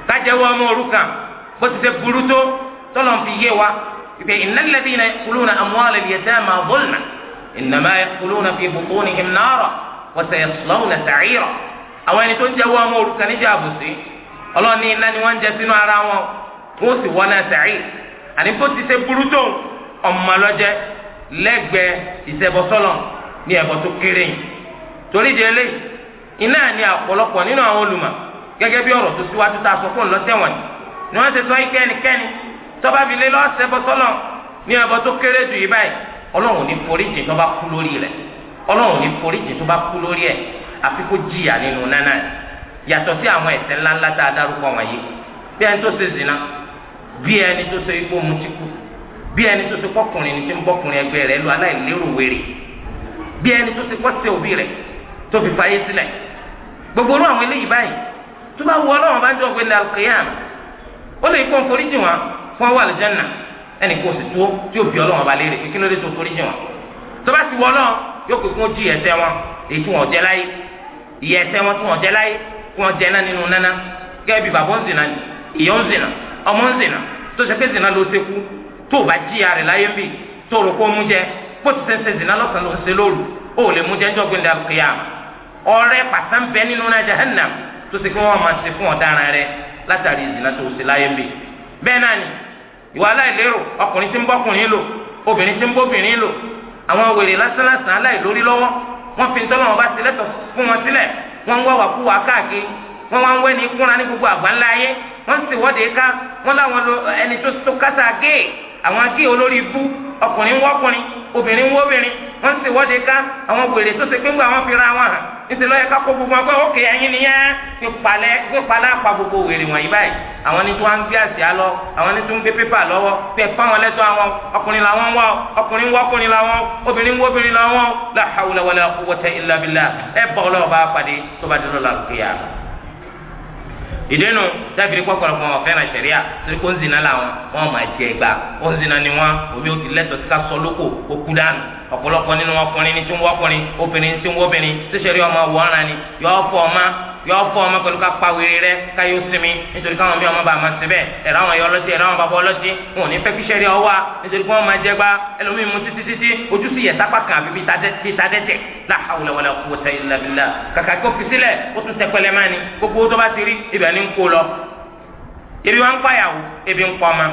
kájẹ́wọ́ ọmọ òrukàn bó ti ṣe burú tó tọ́lọ̀ fi yé wa ìpè innal ladhina ya'kuluna amwala al-yatama zulman innama ya'kuluna fi butunihim nara wa sayaslawna sa'ira àwọn ẹni tó ń jẹ́wọ́ ọmọ òrukàn níjà àbùsí ọlọ́run iná ni wọ́n ń jẹ sínú ara wọn wọ́n sì wọ́n náà sàárì àní bó ti ṣe burú tó ọmọ lọ́jẹ́ lẹ́gbẹ̀ẹ́ ìṣẹ̀bọ̀sọ́lọ̀ ní ẹ̀bọ̀ tó kéré yìí torí di iná ni àpọ̀lọpọ̀ nínú àwọn olùmọ̀ gẹ́gẹ́ bí ọ̀rọ̀ tó síwájú tá a sọ fún lọ́tẹ̀wọ̀n ni wọ́n ti sọ yìí kẹ́nikẹ́ni tọ́ba fi lé lọ́sẹ̀bọ̀sọ́lọ̀ ní ẹ̀bọ̀ tó kéré jù yìí báyìí ọlọ́run ní foríjì tó bá kú lórí rẹ̀ ọlọ́run ní foríjì tó bá kú lórí yàtọ̀ sí àwọn ẹ̀ṣẹ̀ ńláńlá tá a dárúkọ wọ̀nyí bí ẹni tó ṣe zina bí ẹni tó ṣe igbó mutí kú bí ẹni tó ṣe kọkùnrin ní ti ń bọkùnrin ẹgbẹ́ rẹ̀ lu aláìlérò wèrè bí ẹni tó ṣe kọ́sẹ̀ òbí rẹ̀ tó fi fàyè sílẹ̀ gbogbo orú àwọn eléyìí báyìí tó bá wọ ọlọ́run bá ń jọ gbélé alukiyam ó lè kó nforí jìn wọn fún ọwọ́ àlùjánà ẹnì kó sì tó tí wọ́n kí wọ́n jẹ iná nínú nánà gẹ́gẹ́ bí bàbá ń zìnà ìyá ń zìnà ọmọ ń zìnà tó ṣe pé zina ló ṣe kú tó o bá jíya rẹ̀ láyé bì tó o rò kó mú jẹ kó ti ṣe zìnà lọ́sàn ló ń ṣe lóru ó lè mú jẹ ńjọ́gbìn dà kìyà ọ̀rẹ́ pàṣán bẹ nínú náà jahannam tó ṣe pé máa ṣe fún ọ̀daràn rẹ̀ látàrí zìnà tó o ṣe láyé bì bẹ́ẹ̀ náà ni ìwà aláìlérò ọkùnrin tí ń bọ́kùnrin lò obìnrin tí ń bóbìnrin lò àwọn wèrè lásánlásán aláìlórí lọ́wọ́ wọ́n fi ń tọ́lọ́wọ́n bá sílẹ̀ fún wọn sílẹ̀ wọ́n ń wá wàkúwà káàkiri wọ́n wá ń wẹ́ ní kúnra ní gbogbo àgbáńlá ayé wọ́n sì wọ́de ká wọ́n láwọn lo eh, ẹni tó tó kásá géè àwọn géè olórí ibú ọkùnrin wọ́kùnrin obìnrin wọ́bìnrin wọ́n sì wọ́de ká àwọn wèrè tó fi ra wọn hàn níṣẹ́ lọ́yẹ ká kó gbogbo wọn pé ókè ẹyin nìyẹn pé palẹ̀ pé palẹ̀ apá gbogbo wèrè wọ̀nyí báyìí àwọn ní tí wọ́n ń gbé àsíá lọ àwọn ni tí wọ́n ń gbé pépà lọ́wọ́ pé ẹ̀pọ́ àwọn lẹ́tọ́ àwọn ọkùnrin làwọn wọ́ ọkùnrin wọ́ ọkùnrin làwọn obìnrin wọ́ obìnrin làwọn la hawla wala quwwata illa billah ẹ̀ bọ́ ọlọ́ọ̀bá pàdé tó bá la lálùkìyà ìdẹ́nu dábìrì kọ́kọ́rọ́ fún wọn fẹ́ràn sẹ̀ríà torí kó ń zina làwọn wọn máa jẹ ẹgbà ó ń zina ni wọn omi ó ti lẹ́tọ̀ọ́ sí ká sọ lóko ó kú dànù ọ̀pọ̀lọpọ̀ nínú ọkùnrin ní tí ń wọ́kùnrin obìnrin ní tí ń wọ́bìnrin tí sẹ̀rí ọmọ wọ ọ̀ràn ni yọ fọ ọmọ yọ fọ ọmọ pẹ̀lú ká pa wèrè rẹ ká yóò sinmi nítorí káwọn mi ọmọ bá máa ṣe bẹ́ẹ̀ ẹ̀rọ àwọn ẹ̀yọ ọlọ́tí ẹ̀rọ àwọn bàbá ọlọ́tí wọn ò ní fẹ́ kí sẹ́rí ọwọ́ wa nítorí kí wọ́n máa jẹ gba ẹlòmíì mu títí títí ojú sì yẹ sápá kan àbí bíi tadẹ́tẹ̀ la hawla wala quwwata illa billah kàkà ní ń kó lọ ebi wọn ń pàyàwó ebi ń pọmọ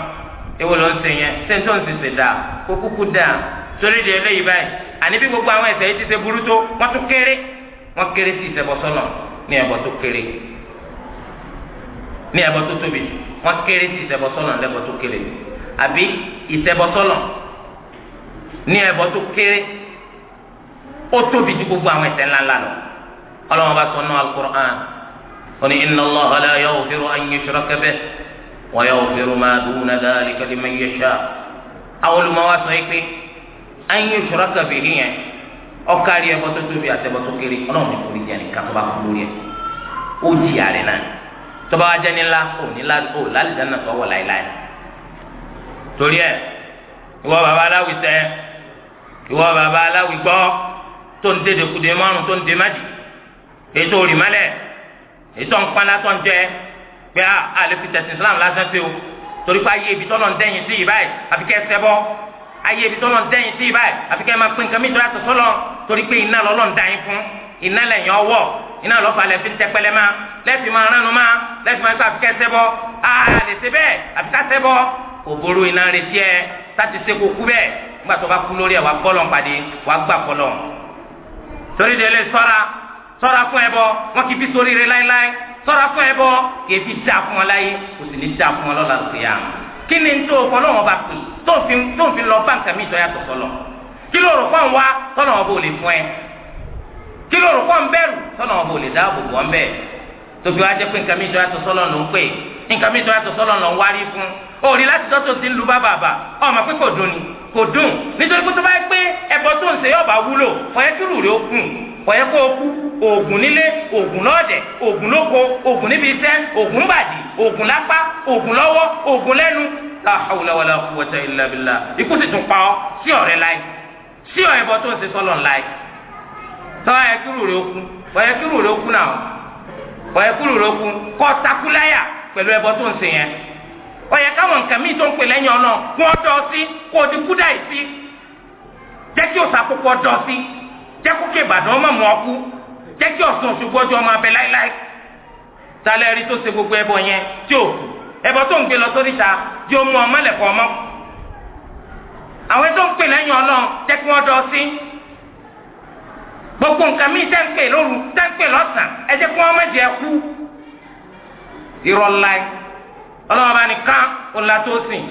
ewo ló ń ṣe yẹn ṣé tó ń ṣe ṣe dáa kó kúkú dáa torí di eléyìí báyìí àní bí gbogbo àwọn ẹ̀ṣẹ̀ yìí ti ṣe burú tó wọn tún kéré wọn kéré sí ìṣẹbọsọnà ní ẹbọ tó kéré ní ẹbọ tó tóbi wọn kéré sí ìṣẹbọsọnà lẹbọ tó kéré àbí ìṣẹbọsọnà ní ẹbọ tó kéré ó tóbi ju gbogbo àwọn ẹ̀ṣẹ̀ ńláńlá lọ Ọlọ́run bá sọ náà Al-Qur'an. قل إن الله لا يغفر أن يشرك به ويغفر ما دون ذلك لمن يشاء أول ما واسعك أن يشرك به ọkari ẹbọ tó tóbi àtẹbọ tó kéré Ọlọ́run ní kórìí jẹ nìkan tó bá kú lórí ẹ ó jì àrẹ náà tó bá wá jẹ nílá ó nílá ó lálìjá náà tó wọ láéláé torí ẹ ìwọ bàbá aláwì tẹ ìwọ bàbá aláwì gbọ́ tó ń dédé kudé márùn tó ń dé májì ètò òrìmálẹ ètò ńpana tó ń jẹ pé ah, a lè fi tẹ̀sìn Islam lásán sí o torí pé ayé ibi tọ́lọ̀ ń dẹ́yìn sí ìbáyìí àfi kẹ́ ẹ sẹ́bọ́ ayé ibi tọ́lọ̀ ń dẹ́yìn sí ìbáyìí àfi kẹ́ ẹ máa pín nǹkan mìíràn tó sọ́lọ̀ torí pé iná lọ́lọ́ ń da yín fún iná lẹ́yìn ọwọ́ iná lọ́fà lẹ́fi ń tẹpẹlẹ máa lẹ́fi máa ránu máa lẹ́fi máa gbà àfi kẹ́ ẹ sẹ́bọ́ a lè ṣe bẹ́ẹ̀ àfi ká sẹ́bọ́ òboro iná retí ẹ láti ṣe kó kú bẹ́ẹ̀ nígbà tó bá kú lórí ẹ̀ wá bọ́lọ̀ pàdé wá gbà bọ́lọ̀ torí de lè sọ́ra ṣọ́ra fún ẹbọ wọn kì í fi sórí rẹ láéláé ṣọ́ra fún ẹbọ kì í fi dá fún ọ láyé kò sì ní dá fún ọ lọ́la lókè yá kí ni tó o fọlọ́ wọn bá pè tó fi tó fi lọ bá nǹkan mi ìtọ́yà tọ̀tọ̀ lọ kí ló rò fún wa tọ́nà wọn bò lè fún ẹ kí ló rò fún bẹ́ẹ̀rù tọ́nà wọn bò lè dáàbò bò ọ́n bẹ́ẹ̀ tóbi wá jẹ́ pé nǹkan mi ìtọ́yà tọ̀tọ̀ lọ ló ń pè nǹkan mi ìtọ́yà tọ̀tọ̀ lọ lọ ń wárí fún òòrì láti tọ́tò ti ń lu bábàbà ọmọ pé kò dùn ni kò dùn nítorí pé tó bá yẹ pé ẹ̀bọ kọ̀yẹ́ kó o kú oògùn nílé oògùn lọ́ọ̀dẹ̀ oògùn lóko oògùn níbi iṣẹ́ oògùn bàdì oògùn lápá oògùn lọ́wọ́ oògùn lẹ́nu la hawla wala quwwata illa billah ikú ti tún pa ọ́ sí ọ̀rẹ́ láì sí ọ̀rẹ́ bọ́ tó ń ṣe sọ́lọ̀ láì tọ́wọ́ yẹ kúrò rẹ okun kọ̀yẹ́ kúrò rẹ okun náà kọ̀yẹ́ kúrò rẹ okun kọ́ takuláyà pẹ̀lú ẹbọ tó ń ṣe yẹn ọ̀yẹ́ káwọn nǹkan míì tó ń pè lẹ́yìn o di kúdà yìí sí jẹ́ kí o sàkókò ọ jẹ́kókè ìbàdàn ọmọ mọ́ ọkú jẹ́ ọ̀sán òṣogbo ọjọ́ ọmọ abẹ láíláí talẹ̀ rí tó ṣe gbogbo ẹbọ yẹn tí ò kù ẹbọ tó ń gbé lọ sórí ta di ọmọ lẹ̀kọ́ ọmọ àwọn tó ń pè lẹ́yìn ọlọ́run wọ́n sí gbogbo nǹkan mi tẹ́ ń pè lóru tẹ́ ń pè lọ́sàn ẹ jẹ́ kí wọ́n ìrọ̀lá bá nìkan tó sìn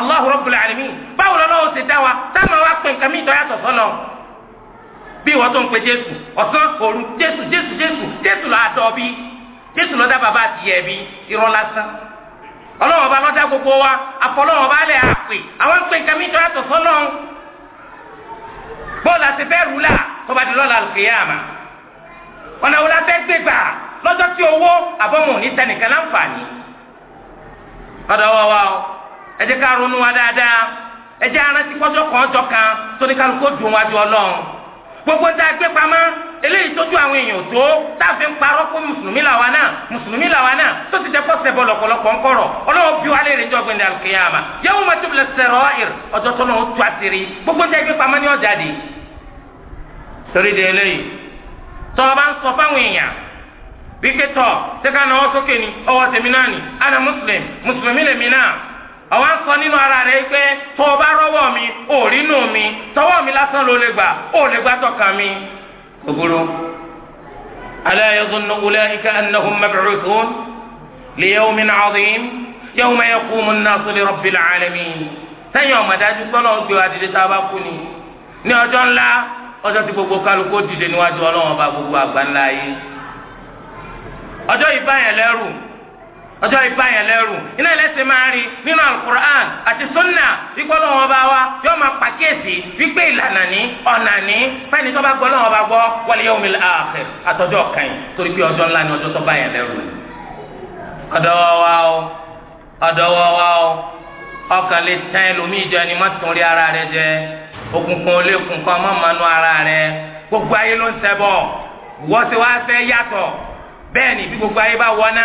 Allahu báwo lọ́wọ́ ó táwọn bí ìwọ tó ń pe jésù ọ̀sán òru jésù jésù jésù jésù lọ adọ bí jésù lọ dá bàbá àti yẹ bí irọ́ lásán ọlọ́wọ́ bá lọ́dá gbogbo wa àfọlọ́wọ́ bá lẹ̀ àpè àwọn pé nǹkan mìíràn yàtọ̀ sọ́nà bọ́ọ̀lù àti bẹ́ẹ̀ rúlà tó bá di lọ́la àlùkìyàmà ọ̀nà wo la fẹ́ gbé gbà lọ́jọ́ tí owó àbọ̀mù ní sẹ́nìkan láǹfààní ọ̀dọ̀ wa wa o ẹ jẹ́ ká ronú wa dáadáa ẹ jẹ́ arántí kọ́jọ́ kan ọjọ́ kan tóníkàlùkò dùn wájú ọlọ́run gbogbo tá a gbé pamọ́ eléyìí tójú àwọn èèyàn tó a fi ń parọ́ pé mùsùlùmí làwa náà mùsùlùmí làwa náà tó ti dẹ́kọ́ sẹ́bọ̀ lọ́pọ̀lọpọ̀ ń kọ̀rọ̀ ọlọ́wọ́ bí wàá lè rìn jọ gbẹ̀ndẹ̀ máa tóbi ìr ọjọ́ gbogbo tá a ni àwọn sọ nínú ara rẹ pé tó o bá rọwọ́ mi ò rí nù mi tọwọ́ mi lásán ló lè gbà ó lè gbà tọkàn mi. kòkòrò ala yazunnu ulaika annahum mab'uthun li yawmin 'azim yawma yaqumu an-nasu li rabbil 'alamin. sẹ́yìn ọ̀mọ̀dájú sọ́nà ń wa dìde tá a bá kú ni ní ọjọ́ ńlá ọjọ́ tí gbogbo kálukú dìde níwájú ọlọ́wọ́n bá gbogbo àgbáńlá yìí ọjọ́ ìgbà yẹn lẹ́rù iná ẹlẹ́sìn máa rí nínú alukur'an àti sunna wípé ọlọ́wọ́n bá wa yóò máa pàkíyèsí wípé ìlànà ní ọ̀nà ní fẹ́ni tó bá gbọ́ ọlọ́wọ́n bá gbọ́ wal yawmil akhir àtọ́jọ́ kan yìí torí pé ọjọ́ ńlá ni ọjọ́ tó bá yẹn lẹ́rù. ọ̀dọ́wọ́ wa o ọ̀dọ́wọ́ wa o ọkàn lè tán ẹlòmíì jẹ ni má tún rí ara rẹ jẹ òkùnkùn olékùn kan má manú ara rẹ gbogbo ayé ló ń ṣẹbọ wọ́n ti wá fẹ́ yàtọ̀ bẹ́ẹ̀ ni bí gbogbo ayé bá wọ́ná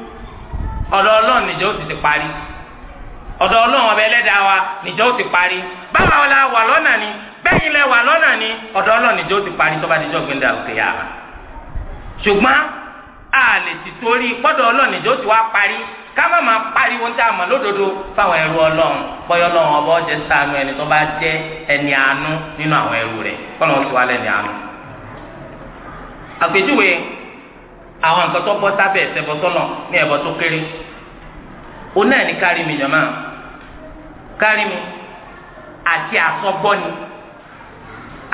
ọ̀dọ̀ ọlọ́run níjọ́ ó sì ti parí ọ̀dọ̀ ọlọ́run ọba ẹlẹ́dàá wa ti parí báwa la wà lọ́nà ni bẹ́yìn lẹ wà lọ́nà ni ọ̀dọ̀ ọlọ́run níjọ́ ó ti parí tọba bá níjọ́ òkè yà wá. a lè ti torí pọ́dọ̀ ọlọ́run níjọ́ ó ti wá parí ká má lódodo fáwọn ẹrú ẹni tó bá ẹni àánú nínú àwọn ẹrú àwọn nǹkan tó bọ́ sábẹ́ ẹ̀sẹ̀bọ sọ́nà ní ẹ̀bọ tó kéré o náà ní kárí mi jọ̀mọ́ mi àti àsọgbọ́ ni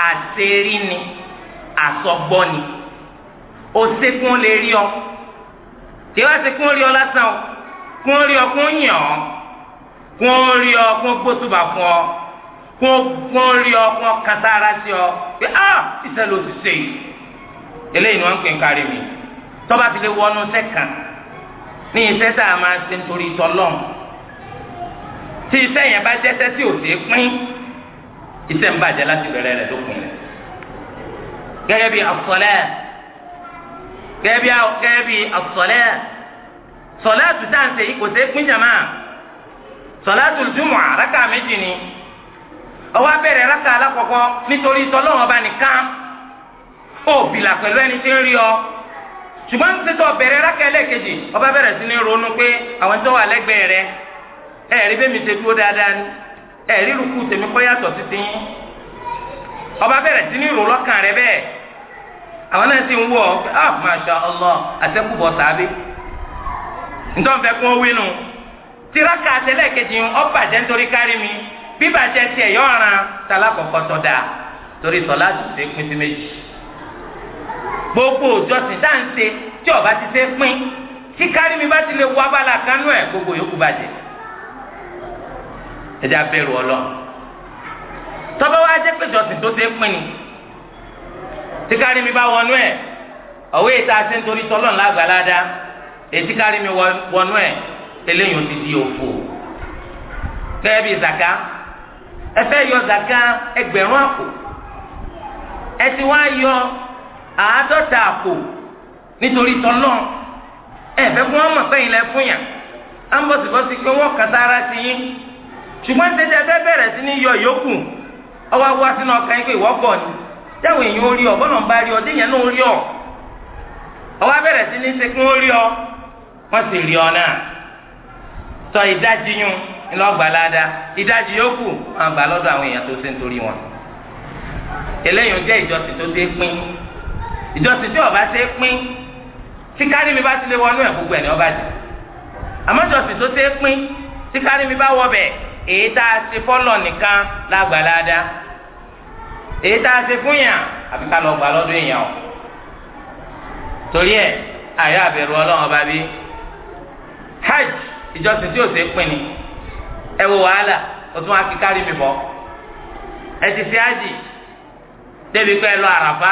àṣerí ni àsọgbọ́ ni o ṣe kí wọ́n lè rí ọ tí wọ́n ṣe kí wọ́n rí ọ lásán o kí wọ́n rí ọ kí yàn ọ kí rí ọ kí gbósùbà fún ọ kí wọ́n rí ọ kí wọ́n sí ọ pé ah ìṣẹ̀lẹ̀ òṣìṣẹ́ yìí eléyìí ni wọ́n ń pè ń kárí mi. tọ́ba ti lè wọnú sẹ́kàn ní iṣẹ́ tá a máa ṣe nítorí ìtọ́lọ́n tí iṣẹ́ yẹn bá jẹ́sẹ́ tí ò sí pín iṣẹ́ ń bàjẹ́ láti bẹ̀rẹ̀ rẹ̀ lópin rẹ̀ gẹ́gẹ́ bí as-salat gẹ́gẹ́ bí as-salat raka dáǹsẹ̀ kò sí pín jàmá àràkà méjì ni ọwọ́ abẹ́rẹ́ rákà ṣùgbọ́n ní sísọ bẹ̀rẹ̀ rákẹ́lẹ́ kejì ọba bẹ̀rẹ̀ sí ní ronú pé àwọn tó wà lẹ́gbẹ̀ẹ́ rẹ ẹ̀rí bẹ́mi ṣe dúró dáadáa ni ẹ̀rí rúkú tèmi kọ́ yàtọ̀ sí yín ọba bẹ̀rẹ̀ sí ní ròó lọ́kàn rẹ bẹ́ẹ̀ àwọn náà sì ń wọ̀ pé ah masha allah sàbí fẹ́ kún tiraka àtẹ́lẹ̀ kejì nítorí kárí mi tiẹ̀ gbogbo òjọsìn tá à ń ṣe tí ọba ti ṣe pín tí kárí mi bá ti lè wọ abala kanú ẹ gbogbo yòókù bàjẹ́ ẹ jẹ́ abẹ̀rù Ọlọ́run tọ́ba wa jẹ́ pé ìjọsìn tó ṣe pín ni tí kárí mi bá wọnú ẹ ọ̀wé ìta ṣe ń torí tọ́lọ́n lágbàládá ètí kárí mi wọnú ẹ eléyìí ó ti di òfò kẹ́ẹ́ bí zaka ẹ fẹ́ yọ zaka ẹgbẹ̀rún àpò ẹ ti wá yọ. àádọ́ta àpò nítorí tọ́lọ́ ẹ fẹ́ fún wọn sẹ́yìn lẹ fún yàn á ń bọ̀ sí bọ́sí pé wọ́n kàtà ara sí yín ṣùgbọ́n tẹ́tẹ́ fẹ́ bẹ̀rẹ̀ sí ní yọ ìyókù ọwọ́ wá sínú ọkàn yín pé ìwọ́ bọ̀ ni táwọn èèyàn ó rí ọ bọ́lọ̀ ń bá rí ọ náà ó rí ọ ọwọ́ sí ní sekún ó ọ wọ́n sì ọ náà sọ ìdajì yún ìdajì máa gbà lọ́dọ̀ àwọn èèyàn tó ṣe ń torí wọn eléyìí jẹ́ ìjọsìn tó dé ìjọsìn tí ọba ṣe pín tí kárí mi bá ti lè wọnú ẹ̀ gbogbo ẹ̀ ní ọba jù àmọ́ ìjọsìn tó ṣe pín tí kárí mi bá wọ bẹ̀ èyí tá a ṣe fọ́lọ̀ nìkan lágbàláda èyí tá a ṣe fún yàn àfi ká lọ gbà lọ́dún èèyàn o torí ẹ̀ àyà àbẹ̀rù ọlọ́run ọba bí hajj ìjọsìn tí ò ṣe pín ni ẹ wo wàhálà o tún wá kí kárí mi bọ̀ ẹ ti ṣe hajj débi pé ẹ lọ àràfá.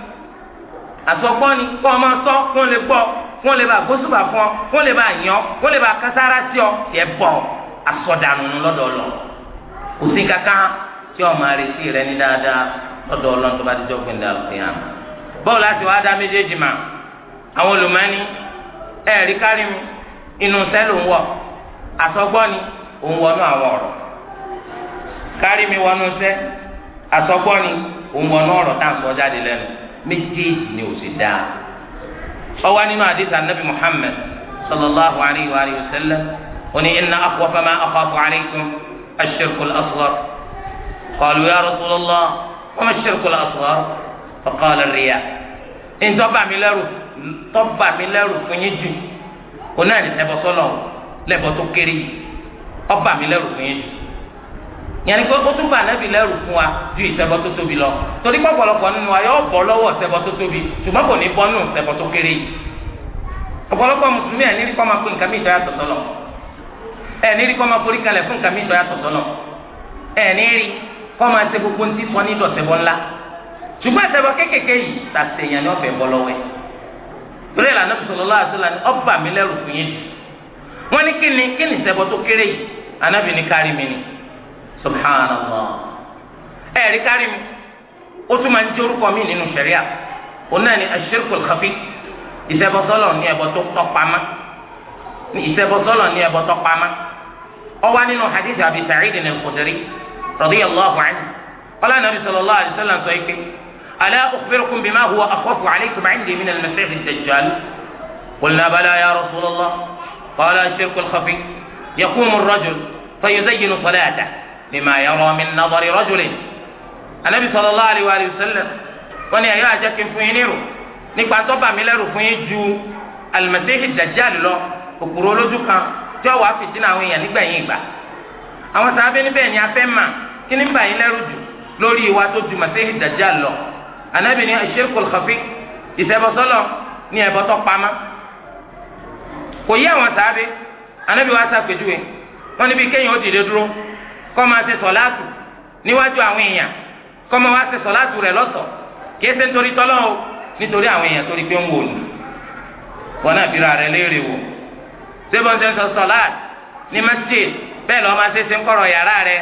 àsọgbọ́n ni kó o máa sọ kó o lè gbọ́ kó o lè bá gbósùbà fún ọ kó o lè bá yàn kó o lè bá kására sí ọ yẹ bọ̀ asọ̀dànù lọ́dọ̀ lọ kò sí kankan tí o máa retí rẹ ní dáadáa lọ́dọ̀ ọlọ́run tó bá ti jọ́gbìn dà lókè yàn. bọ́ọ̀ láti wá dá méjèèjì mà àwọn olùmọ́ni ẹ̀rí kárí mi inú sẹ́lù ń wọ̀ àsọgbọ́n ni òun wọnú àwọn ọ̀rọ̀ kárí mi wọnú sẹ́ àsọgbọ́n ni òun wọnú ọ̀rọ̀ tá à ń sọ jáde lẹ́nu méjèèjì ni ò sì dá ọwọ́ nínú àdìsá nabi muhammed sallallahu alayhi wa sallam oní iná akwafa máa akwafu alaykum ashirkul asghar qalu ya rasulallah wa ma ashirkul asghar faqala riya ntọ́ba mi lẹ́rù tọ́ba mi lẹ́rù fún yín jù onáà ní sẹ́bọ̀ sọ́lọ̀ lẹ́bọ̀ tó kéré yìí ọba mi lẹ́rù fún yín jù yẹnni pé ó tún bá anabi lẹ́rù fún wa ju ìṣẹbọ tó tóbi lọ torí pọpọlọpọ nínú wa yóò bọ́ lọ́wọ́ ìṣẹbọ tó tóbi ṣùgbọ́n kò ní bọ́ nù ìṣẹbọ tó kéré yìí ọ̀pọ̀lọpọ̀ mùsùlùmí ẹ̀ nírí kọ́ máa pé nǹkan mi ìtọ́yà tọ̀tọ̀ lọ ẹ̀ nírí kọ́ máa forí kalẹ̀ fún nǹkan ìtọ́yà tọ̀tọ̀ lọ ẹ̀ nírí kọ́ máa ṣe gbogbo ní sísọ ní ìdọ̀tẹ̀bọ ńlá ṣùgbọ́n ìṣẹbọ ni ọba mi lẹ́rù fún yín jù wọ́n ní kíni kíni ìṣẹbọ tó kéré yìí anábì ní kárí mi subhana subhanallah ẹ̀rí kárí mi ó tún máa ń jẹ́ orúkọ mi nínú sẹ̀ríà òun náà ni ashirkul khafi ìṣẹ́bọsọ́lọ̀ ní ẹ̀bọ tó tọ́ pamọ́ ìṣẹ́bọsọ́lọ̀ ní ẹ̀bọ tó pamọ́ ó wà nínú hadith abi sa'id al-khudri radiyallahu anhu qala nabi sallallahu alayhi wa sallam sọ ike ala ukhbirukum bima huwa akhafu alaykum 'indi min al-masih ad-dajjal qulna bala ya rasulullah qala ashirkul khafi yaqumu ar-rajul fayuzayyinu salatahu lima yara min nadari rajulin anabi sallallahu alayhi wa sallam wọ́n ní ẹ̀yọ́ àjẹ́ kí n fún yín nírò nípa tó bà mí lẹ́rù fún yín ju alimẹ́sẹ́hì dajjal lọ òkúrò olójú kan tí ọ̀wọ́ àfìsínà àwọn èèyàn nígbẹ̀yìn ìgbà àwọn sábẹ́ níbẹ̀ ni a fẹ́ mà kí ní bà yín lẹ́rù jù lórí ìwà tó ju mẹ́sẹ́hì dajjal lọ anabi ní ashirkul khafi ìṣẹ́bọsọ́lọ̀ ní ẹ̀bọ tó kò yí àwọn sábẹ́ anabi wa sàpèjúwe wọ́n níbi kéèyàn ó dìde dúró kọ́ máa ṣe sọ̀láàtù níwájú àwọn èèyàn kọ́ máa wá ṣe sọ̀láàtù rẹ̀ lọ́sọ̀ọ́ kìí ṣe nítorí tọ́lọ́ o nítorí àwọn èèyàn torí pé ń wò ní. wọn náà fira léèrè wò sébọn sọ sọláàt ní masjid bẹ́ẹ̀ lọ́ọ́ máa ṣe ṣe ń kọ̀rọ̀ yàrá rẹ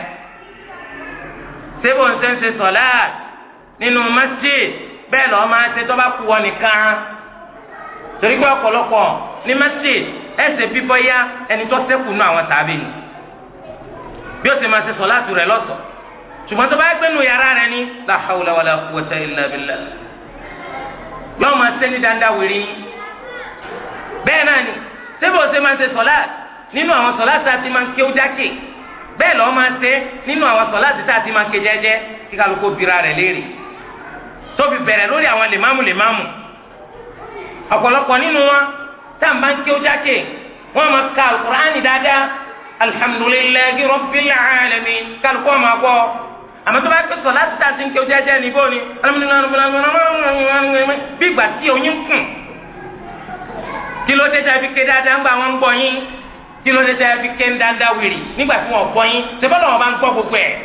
sébọn ṣe ń ṣe sọláàt nínú masjid bẹ́ẹ̀ lọ́ọ́ máa ṣe tó bá nìkan torí pé ọ̀pọ̀lọpọ̀ ní masjid ẹ̀sẹ̀ bíbọ́ yá ẹni tó ṣẹ́kù àwọn tàbí ni bí ó sì máa ṣe sọ láti rẹ̀ lọ́sọ̀ ṣùgbọ́n tó bá yẹ pé nu yàrá rẹ̀ ni la hawla wala quwwata illa billah yóò máa ṣe ní dáadáa wèrè yín bẹ́ẹ̀ náà ni sébè ó ṣe máa ṣe sọ láti nínú àwọn sọ láti àti máa ń ké ó jákè bẹ́ẹ̀ lọ́ọ́ máa ṣe nínú àwọn sọ láti àti máa ké jẹ́jẹ́ kí kálukó bira rẹ̀ léèrè tóbi bẹ̀rẹ̀ lórí àwọn lèmáàmù lèmáàmù ọ̀pọ̀lọpọ̀ nínú wọn táà ń ń ké ó jákè wọ́n máa ka alukur'ani dáadáa alhamdulilayi rabbil alamin kálukọ́ máa kọ́ àmọ́ tó bá pẹ́ sọ láti tàṣí ń kí o jẹ́jẹ́ níbó ni bí ìgbà tí oyin kùn kí ló dé tàbí ké dáadáa ń gba àwọn ń gbọ́ yín kí ló dé tàbí ké ń dáadáa wìrì nígbà tí wọ́n gbọ́ yín ṣé bọ́lá gbogbo ẹ̀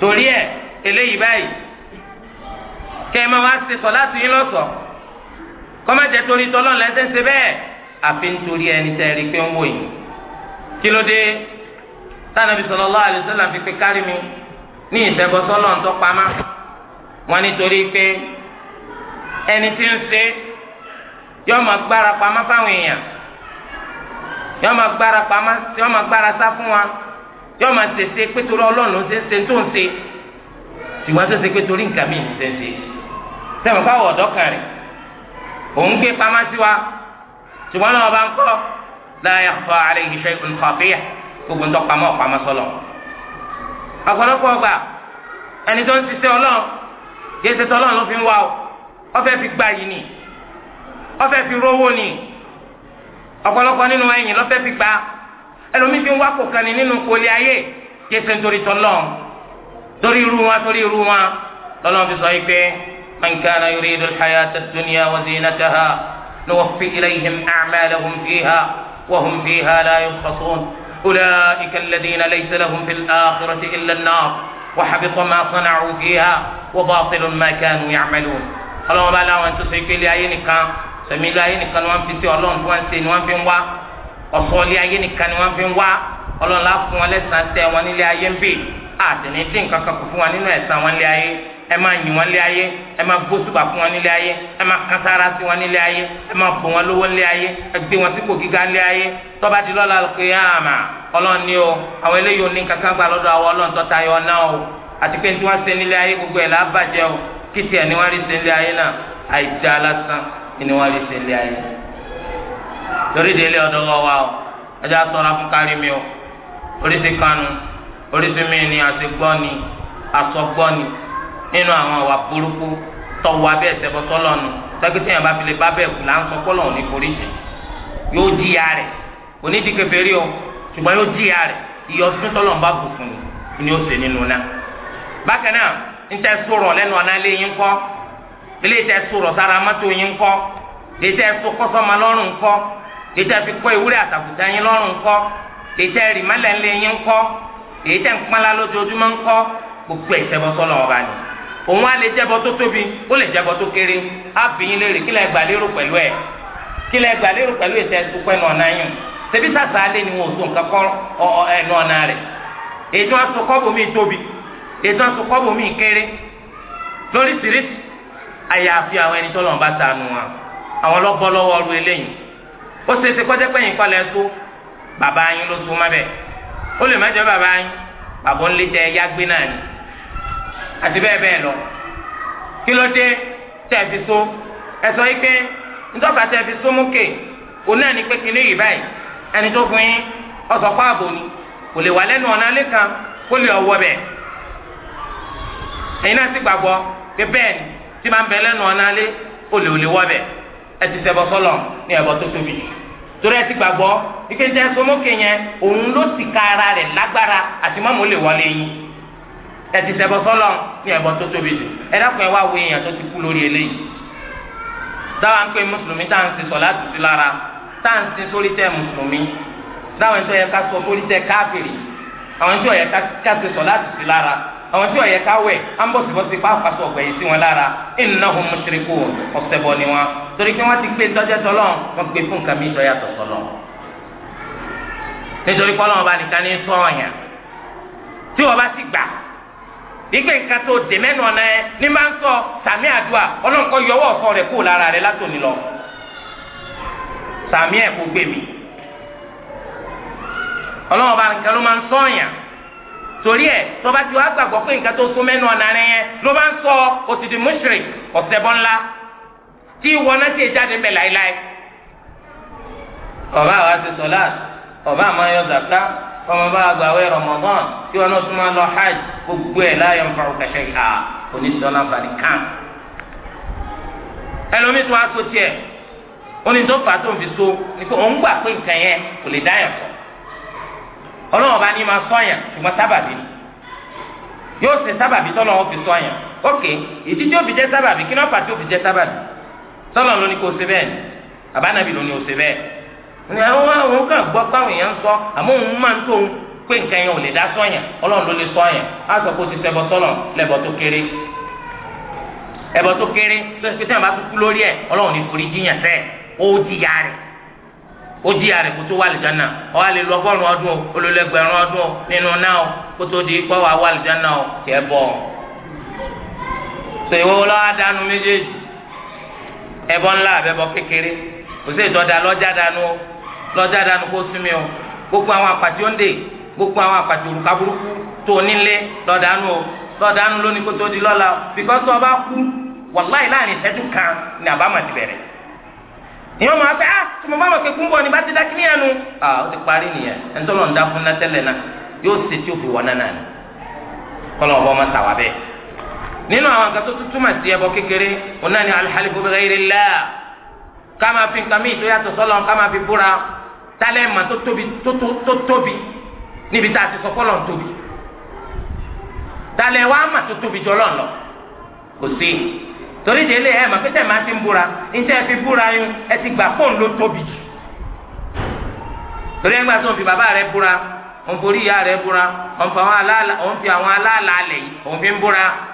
torí ẹ̀ eléyìí báyìí kẹ́ ẹ máa wá ṣe sọ láti yín lọ́sọ̀ọ́ kọ́mọ̀jẹ̀ torí tọ́lọ́ lẹ́sẹ̀ ń ṣe bẹ́ẹ̀ àfi ń torí ẹni tẹ́ ẹ rí pé ń wò yín. kilode tánàbí sallallahu alaihi wasallam fi pé kárí mi ní ìṣẹ́bọsọ́lọ́ ń tọ́pamá wọn nítorí pé ẹni tí ń ṣe yọ gbára pamá fáwọn èèyàn yọ gbára pamá yọ gbára sá fún wa yọ máa tètè pé torí tó ń ṣe tiwọn tó ṣe nǹkan mi ń ọba ń la yakhfa alayhi shay'un khafiyah gbogbo ntọ́ pamọ́ pamọ́ sọlọ. ọ̀pọ̀lọpọ̀ ọgbà ẹni tó ń ṣiṣẹ́ ọlọ́run yéṣe tọ́lọ́run ló fi ń wá o ọfẹ́ fi gbà yìí ni ọfẹ́ fi rówó ni ọ̀pọ̀lọpọ̀ nínú ẹ̀yìn lọ́fẹ́ fi gbà ẹlòmí fi ń wá kò kan ní nínú kòlí ayé yéṣe nítorí tọ́lọ́run torí irú wọn torí irú wọn lọ́lọ́run fi sọ yìí pé man kana yuridu al-hayata ad-dunya wa zinataha ilayhim a'malahum fiha. وهم فيها لا يبخصون أولئك الذين ليس لهم في الآخرة إلا النار وحبط ما صنعوا فيها وباطل ما كانوا يعملون اللهم لا وأنت سيكي لأينك يعني سمي لأينك يعني نوان في سيو اللهم فوان سي نوان في مواه وصول لأينك يعني نوان في مواه اللهم لا فوان لسان سيواني لأين بي àtẹ̀ní dín nǹkan kan kù fún wa nínú ẹ̀san wọn lé ayé ẹ máa yìn wọn lé ayé ẹ máa bó ṣùbà fún wọn nílé ayé ẹ máa kán sára sí wọn nílé ayé ẹ máa bò wọn lówó nílé ayé ẹ gbé wọn sípò gíga nílé ayé ọlọ́run ni o àwọn eléyìí ò kankan lọ́dọ̀ àwọn ọlọ́run tó náà o àti pé tí wọ́n ṣe nílé ayé gbogbo ẹ̀ lábàjẹ́ o kí tiẹ̀ ni wọ́n rí ṣe nílé ayé náà àìdá lásán ni wọ́n rí nílé ayé wa o mi o oríṣi kanu oríṣi mi ni àṣegbọ́ni àsọgbọ́ni nínú àwọn àwà burúkú tọwọ́ abẹ́ ẹ̀sẹ̀bọ́ sọ́lọ́nu yẹn bá fi lè bá là ń sọ pọ́lọ́ òní foríṣi yóò ya rẹ̀ o ṣùgbọ́n yóò jìyà rẹ̀ ìyọsùn tọ́lọ̀ ń bá bù fún ni ó ṣe nínú náà. bákan náà ń tẹ́ sọ̀rọ̀ lẹ́nu ọ̀nà yín kọ́ ilé tẹ́ sọ̀rọ̀ sára mọ́tò yín kọ́ kọ́sọ́mọ lọ́rùn kọ́ kọ́ àtàkùtà yín lọ́rùn kọ́ ńlẹ̀ yín èyí tẹ̀ ń pọ́nlá lójoojúmọ́ ń kọ́ gbogbo ẹ̀sẹ̀ bọ́ sọ́lọ́ ọba ni òun á lè jẹ́bọ tó tóbi ó lè jẹ́bọ tó kéré á bì yín léèrè kí lẹ lérò pẹ̀lú ẹ̀ kí lẹ lérò pẹ̀lú ọ̀nà yín sàṣà alẹ́ ni wọn ò so nǹkan kọ́ ẹnu ọ̀nà rẹ̀ èyí tí kọ́bù mi tóbi èyí kọ́bù mi kéré ó lè má jẹ́ bàbá yín bàbá ńlẹ̀ naanị ẹ̀yá gbé náà ni àti bẹ́ẹ̀ bẹ́ẹ̀ lọ kí ló dé tẹ́ ẹ fi so ẹ sọ yìí pé ntọ́fà tẹ́ ẹ fi so náà ni pé kíní yìí báyìí ẹni tó fún yín ọ̀sọ̀ kọ́ ààbò ni kò lè wà lẹ́nu ọ̀nà alẹ́ kan kó lè ọwọ́ bẹ̀ ẹ̀yin náà sì gbàgbọ́ pé bẹ́ẹ̀ ni bẹ lẹ́nu ọ̀nà alẹ́ wọ́ bẹ̀ ẹ ti torí ẹ ti gbàgbọ́ ike ń tẹ́ sọmọ́kè yẹn òun ló sì ka ara rẹ̀ lágbára àti mọ́mọ́ lè wọlé yín ẹ ti ṣẹbọ sọlọ ní ẹbọ tó tóbi jù ẹ dákun ẹ wá wo èèyàn tó ti kú lórí eléyìí dáwà ń pè mùsùlùmí tá à ń ti sọ láti sí lára tá à ń ti sórí tẹ mùsùlùmí dáwà ń tọ́ yẹ ká sọ sórí tẹ káfìrì àwọn tí ó yẹ ká ti sọ láti sí lára àwọn tí ó ká wẹ̀ á ń bọ̀ síbọ̀ sí pàápàá sọ̀gbẹ̀ yìí sí wọn lára innahum mushrikun ọ̀sẹ̀ bọ̀ ni wọn torí pé wọ́n ti gbé tọ́jẹ́ tọ́lọ́ wọ́n gbé fún kàmí ìtọ́yàtọ̀ tọ́lọ́ nítorí pé ọlọ́run bá nìkan ní sọ ọ̀yàn tí wọ́n bá sì gbà ìgbé nǹkan tó dè mẹ́nu ọ̀nà ẹ ní máa ń sọ sàmì àdúrà ọlọ́run kọ́ yọwọ́ ọ̀fọ́ rẹ̀ kúrò lára rẹ̀ látòní lọ sàmì ẹ̀ kò gbèmí ọlọ́run bá nìkan ló máa ń sọ ọ̀yàn torí ẹ tọ́ba tí wàá gbàgbọ́ pé nǹkan tó sún mẹ́nu ọ̀nà rẹ̀ yẹn ló máa ń sọ òsì di mushrik ọ̀sẹ̀ bọ́ ńlá tí ìwọ ti jáde mbẹ láéláé ọba àwa ti sọlá ọba ọmọ bá tí wọn tún máa lọ hajj gbogbo ẹ láyọ nfa òkàṣẹ ìhà kàn ẹlòmíì tún á tó onídọ́fà tó ń fi so ni pé òun gbà pé nǹkan yẹn kò lè dá yàn ọlọ́run ọba ní ma gbuo ṣùgbọ́n sábàbí yóò ṣe sábàbí tọ́lọ́run fi sọ̀yàn ókè ìdí fi jẹ́ sábàbí kí fi jẹ́ sábàbí sọlọ ló ní kó ṣe bẹ́ẹ̀ àbánabi ló ní ó ṣe bẹ́ẹ̀ ní àwọn àwọn kan gbọ́ páwọn èèyàn ń sọ àmọ́ òun máa ń tó òun pé nǹkan yẹn ò lè dá sọyàn Ọlọ́run ló lè sọyàn á sọ pé o ti ṣẹbọ sọlọ lẹbọ tó kéré ẹbọ tó kéré tó ṣe pé tí àwọn bá tún kú lórí ẹ Ọlọ́run ní forí jiyàn sẹ ó jìyà rẹ ó jìyà rẹ kó tó wà lìjánà ọ wà lè lọ ọgọ́rùn ọdún o olólẹgbẹ̀rún ọdún o nínú náà o kó tó di pọ wà wà lìjánà o tẹ bọ. sèwọ́ lọ́wọ́ dánú méjèèjì ẹbọ ńlá àbẹbọ kékeré kò sí ìtọ́jà lọ́jà dànù kó súnmi o gbogbo àwọn àpàtì òǹdè gbogbo àwọn àpàtì òrùka burúkú tó nílé lọ́dàánù o lónìí kó tó di lọ́la bìkọ́sì ọba kú wàláì láàrin ìṣẹ́jú kan ní àbámọ̀ bẹ̀rẹ̀ ni máa fẹ ah tí mo bá mọ kékun ni bá ti dá kíní ẹnu ah ó ti parí nìyẹn lọ́n dá fún náà yóò náà nínú àwọn nǹkan tó túmọ̀ sí ẹbọ kékeré òun náà ni alihalifu bi ghayrillah ká máa fi nǹkan míì tó yàtọ̀ sọ́lọ́ ká máa fi búra tálẹ̀ mà tó tóbi tó tóbi níbi tá a ti sọ kọ́lọ̀ tóbi tálẹ̀ wá mà tó tóbi jọlọ́ lọ kò sí torí délé ẹ mà pété màá fi ń búra níta ẹ fi búra yín ẹ ti gbà fóun ló tóbi jù torí ẹgbẹ́ tó ń fi bàbá rẹ búra òun forí ìyá rẹ búra òun fi àwọn aláàlá òun yìí òun fi ń búra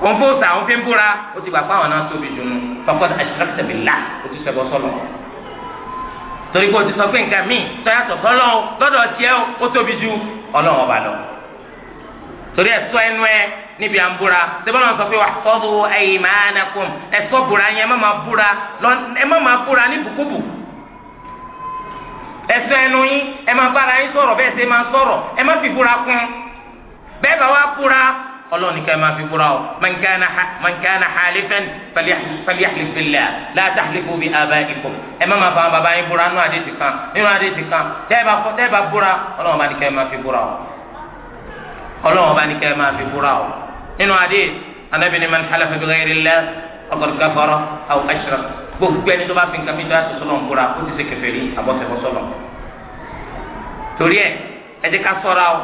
òun fò sà òun fi ń búra ó ti gbà pé àwọn náà tóbi jùlọ faqad ashrakta billah ó ti ṣẹbọ sọlọ torí pé o ti sọ pé nǹkan míì tọ́yàtọ̀ sọlọ lọ́dọ̀ tiẹ̀ ó tóbi ju ọlọ́run ọba lọ torí ẹ ṣọ́ ẹnu ẹ níbi à ń búra sẹ́bọ̀n náà sọ pé wahfazu aymanakum ẹ ṣọ́ búra yẹn ẹ má máa búra ẹ má máa búra ní bùkúbù ẹ ṣọ́ ẹnu yín ẹ má bára yín sọ̀rọ̀ bẹ́ẹ̀ ṣe máa sọ̀rọ̀ ẹ má fi búra kún bẹ́ẹ̀ bá wá búra ọlọ́run nìkan máa fi búra o man kana man kana halifan falyahlif billah la tahlifu bi abaikum ẹ má máa fa bàbá yín búra nínú àdé ti kan nínú àdé ti kan tẹ́ẹ̀ bá búra ọlọ́run bá nìkan máa fi búra o ọlọ́run bá nìkan máa fi búra o nínú àdé anabi ni man halafa bi ghayri llah faqad kafara aw ashrak gbogbo ẹni tó bá fi nǹkan mi tó yàtọ̀ sọlọ́n ó ti ṣe kèfèrí àbọ̀sẹ̀bọ̀sọ̀lọ̀ torí ẹ ẹ ká ṣọ́ra o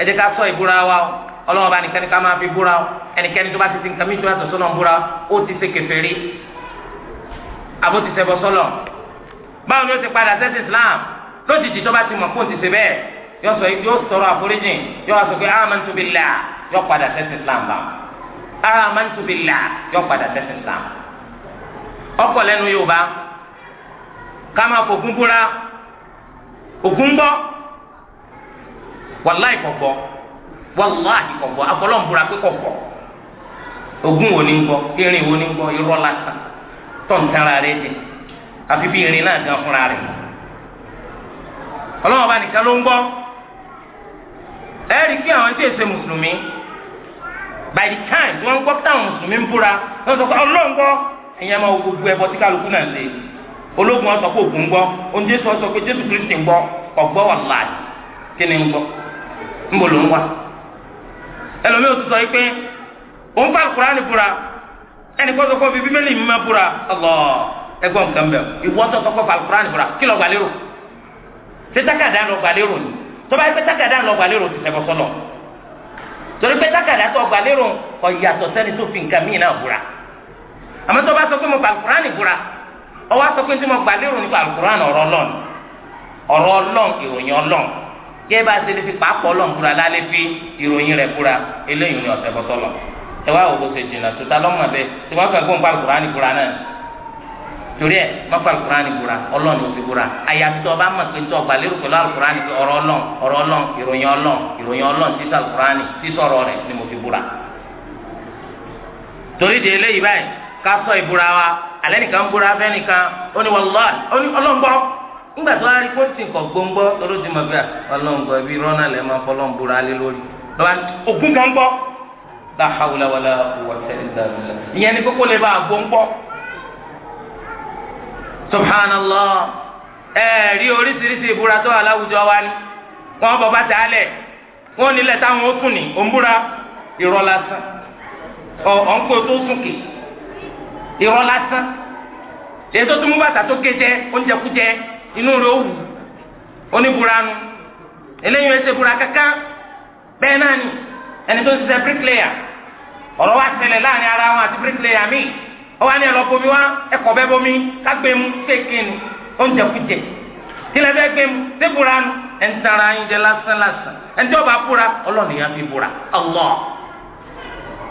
ẹ ká ṣọ́ ìbúra wa o ọlọ́wọ́n bá nìkan ní ká máa fi búra o ẹnikẹ́ni tó bá ti ti nǹkan mìíràn yàtọ̀ sọ́nà búra ó ti ṣe kèfèrí àbó ti ṣẹbọ sọ́lọ̀ báwo ni ó ti padà sẹ́sì Islam lójijì tó bá ti mọ̀ kó ti ṣe bẹ́ẹ̀ yọ sọ yóò sọ̀rọ̀ àforíjì yọ sọ pé amantu billah yọ padà sẹ́sì Islam bá amantu billah yọ padà sẹ́sì Islam ọkọ̀ lẹ́nu Yorùbá ká máa fògún búra ògún gbọ́ wàláì kọ̀ọ̀kọ̀ọ́ wàláhì kọ̀kọ́ afọlọ́nbúra pé kọ̀kọ́ ogun wo ni irin wo ni ń gbọ́ irọ́ lásán tọ̀ntara rẹ jẹ àfi bí irin náà gan fúnra rẹ ọlọ́wọ́n bá nìkan ló ń by the time wọ́n gbọ́ táwọn mùsùlùmí ń búra wọ́n sọ pé gbọ́ gbogbo ẹbọ tí kálukú náà lè ológun ọsọ pé ògùn gbọ́ oúnjẹ sọ sọ pé Jésù Kristi ẹlòmíì ò tún sọ pé òun fa alukurani búra ẹnì kó sọ kó fi bíbélì mi máa búra ọlọ ẹgbọn nǹkan bẹ ìwọ tó sọ kó fa alukurani búra kí lọ gbà lérò ṣé tákàdá lọ gbà lérò ni tó bá yẹ pé tákàdá lọ gbà lérò ti sẹ́kọ̀ sọlọ torí pé tákàdá tó gbà lérò ọ̀yàtọ̀ sẹ́ni tó fi nǹkan míì náà búra àmọ́ tó sọ pé mo fa alukurani búra ọwọ́ sọ pé tí mo gbà lérò nípa alukurani ọ̀rọ̀ ọlọ́run ọ̀rọ̀ ọlọ́run ìròyìn ọlọ́run gẹ́gẹ́ bá a ṣe lè fi pàápọ̀ lọ́n búra lálẹ́ fi ìròyìn rẹ̀ búra eléyìí ni ọ̀sẹ̀ bọ́tọ̀ lọ. ẹ wá òwò ṣe jìnnà tó ta lọ́mọ bẹ́ẹ̀ tí wọ́n fẹ́ gbọ́n pàrọ̀ kúránì búra náà torí ẹ má pàrọ̀ kúránì búra ọlọ́ọ̀ni ò fi búra àyàfi tó o bá mọ̀ pé tó ọgbà lérò pẹ̀lú àlùkùránì pé ọ̀rọ̀ ọlọ́ọ̀n ọ̀rọ̀ ọlọ́ọ̀n ìròyìn ọlọ́ọ̀n ìròyìn ọlọ́ọ̀n sísọ àlùkùránì sísọ ọ̀rọ̀ rẹ̀ ni mo de eléyìí báyìí ká sọ ìbúra wa alẹ́ nìkan búra fẹ́ ńgbà tó wá rí kó kọ̀ gbóngbọ́ lọ́dún ti mọ̀ ọlọ́ngbọ́ ibi rọ́nà lẹ́ máa búra lé lórí lọ́wọ́ kan gbọ́ la wala quwwata illa ìyẹn ni kókó lè a oríṣiríṣi ìbúra tó wà láwùjọ wa ni bá táwọn ó ní tó tó mú bàtà tó inú rẹ̀ ó wù oníburanu eléyìí ẹsẹ̀ bura kankan bẹ́ẹ̀ náà ni ẹni tó ń ṣiṣẹ́ bricklayer ọ̀rọ̀ wa ṣẹlẹ̀ láàrin ara wọn àti bricklayer míì ọwọ́ àni ẹ̀rọ bomi wa ẹ̀kọ́ bẹ́ẹ̀ bomi kágbé mu kéèké ni ó ń jẹkújẹ kílẹ̀ bẹ́ẹ̀ gbé mu ṣé buranu ẹ̀ ń tara ayé jẹ lásán lásán ẹ̀ tí ọba búra ọlọ́ọ̀nì yẹn fi búra Allah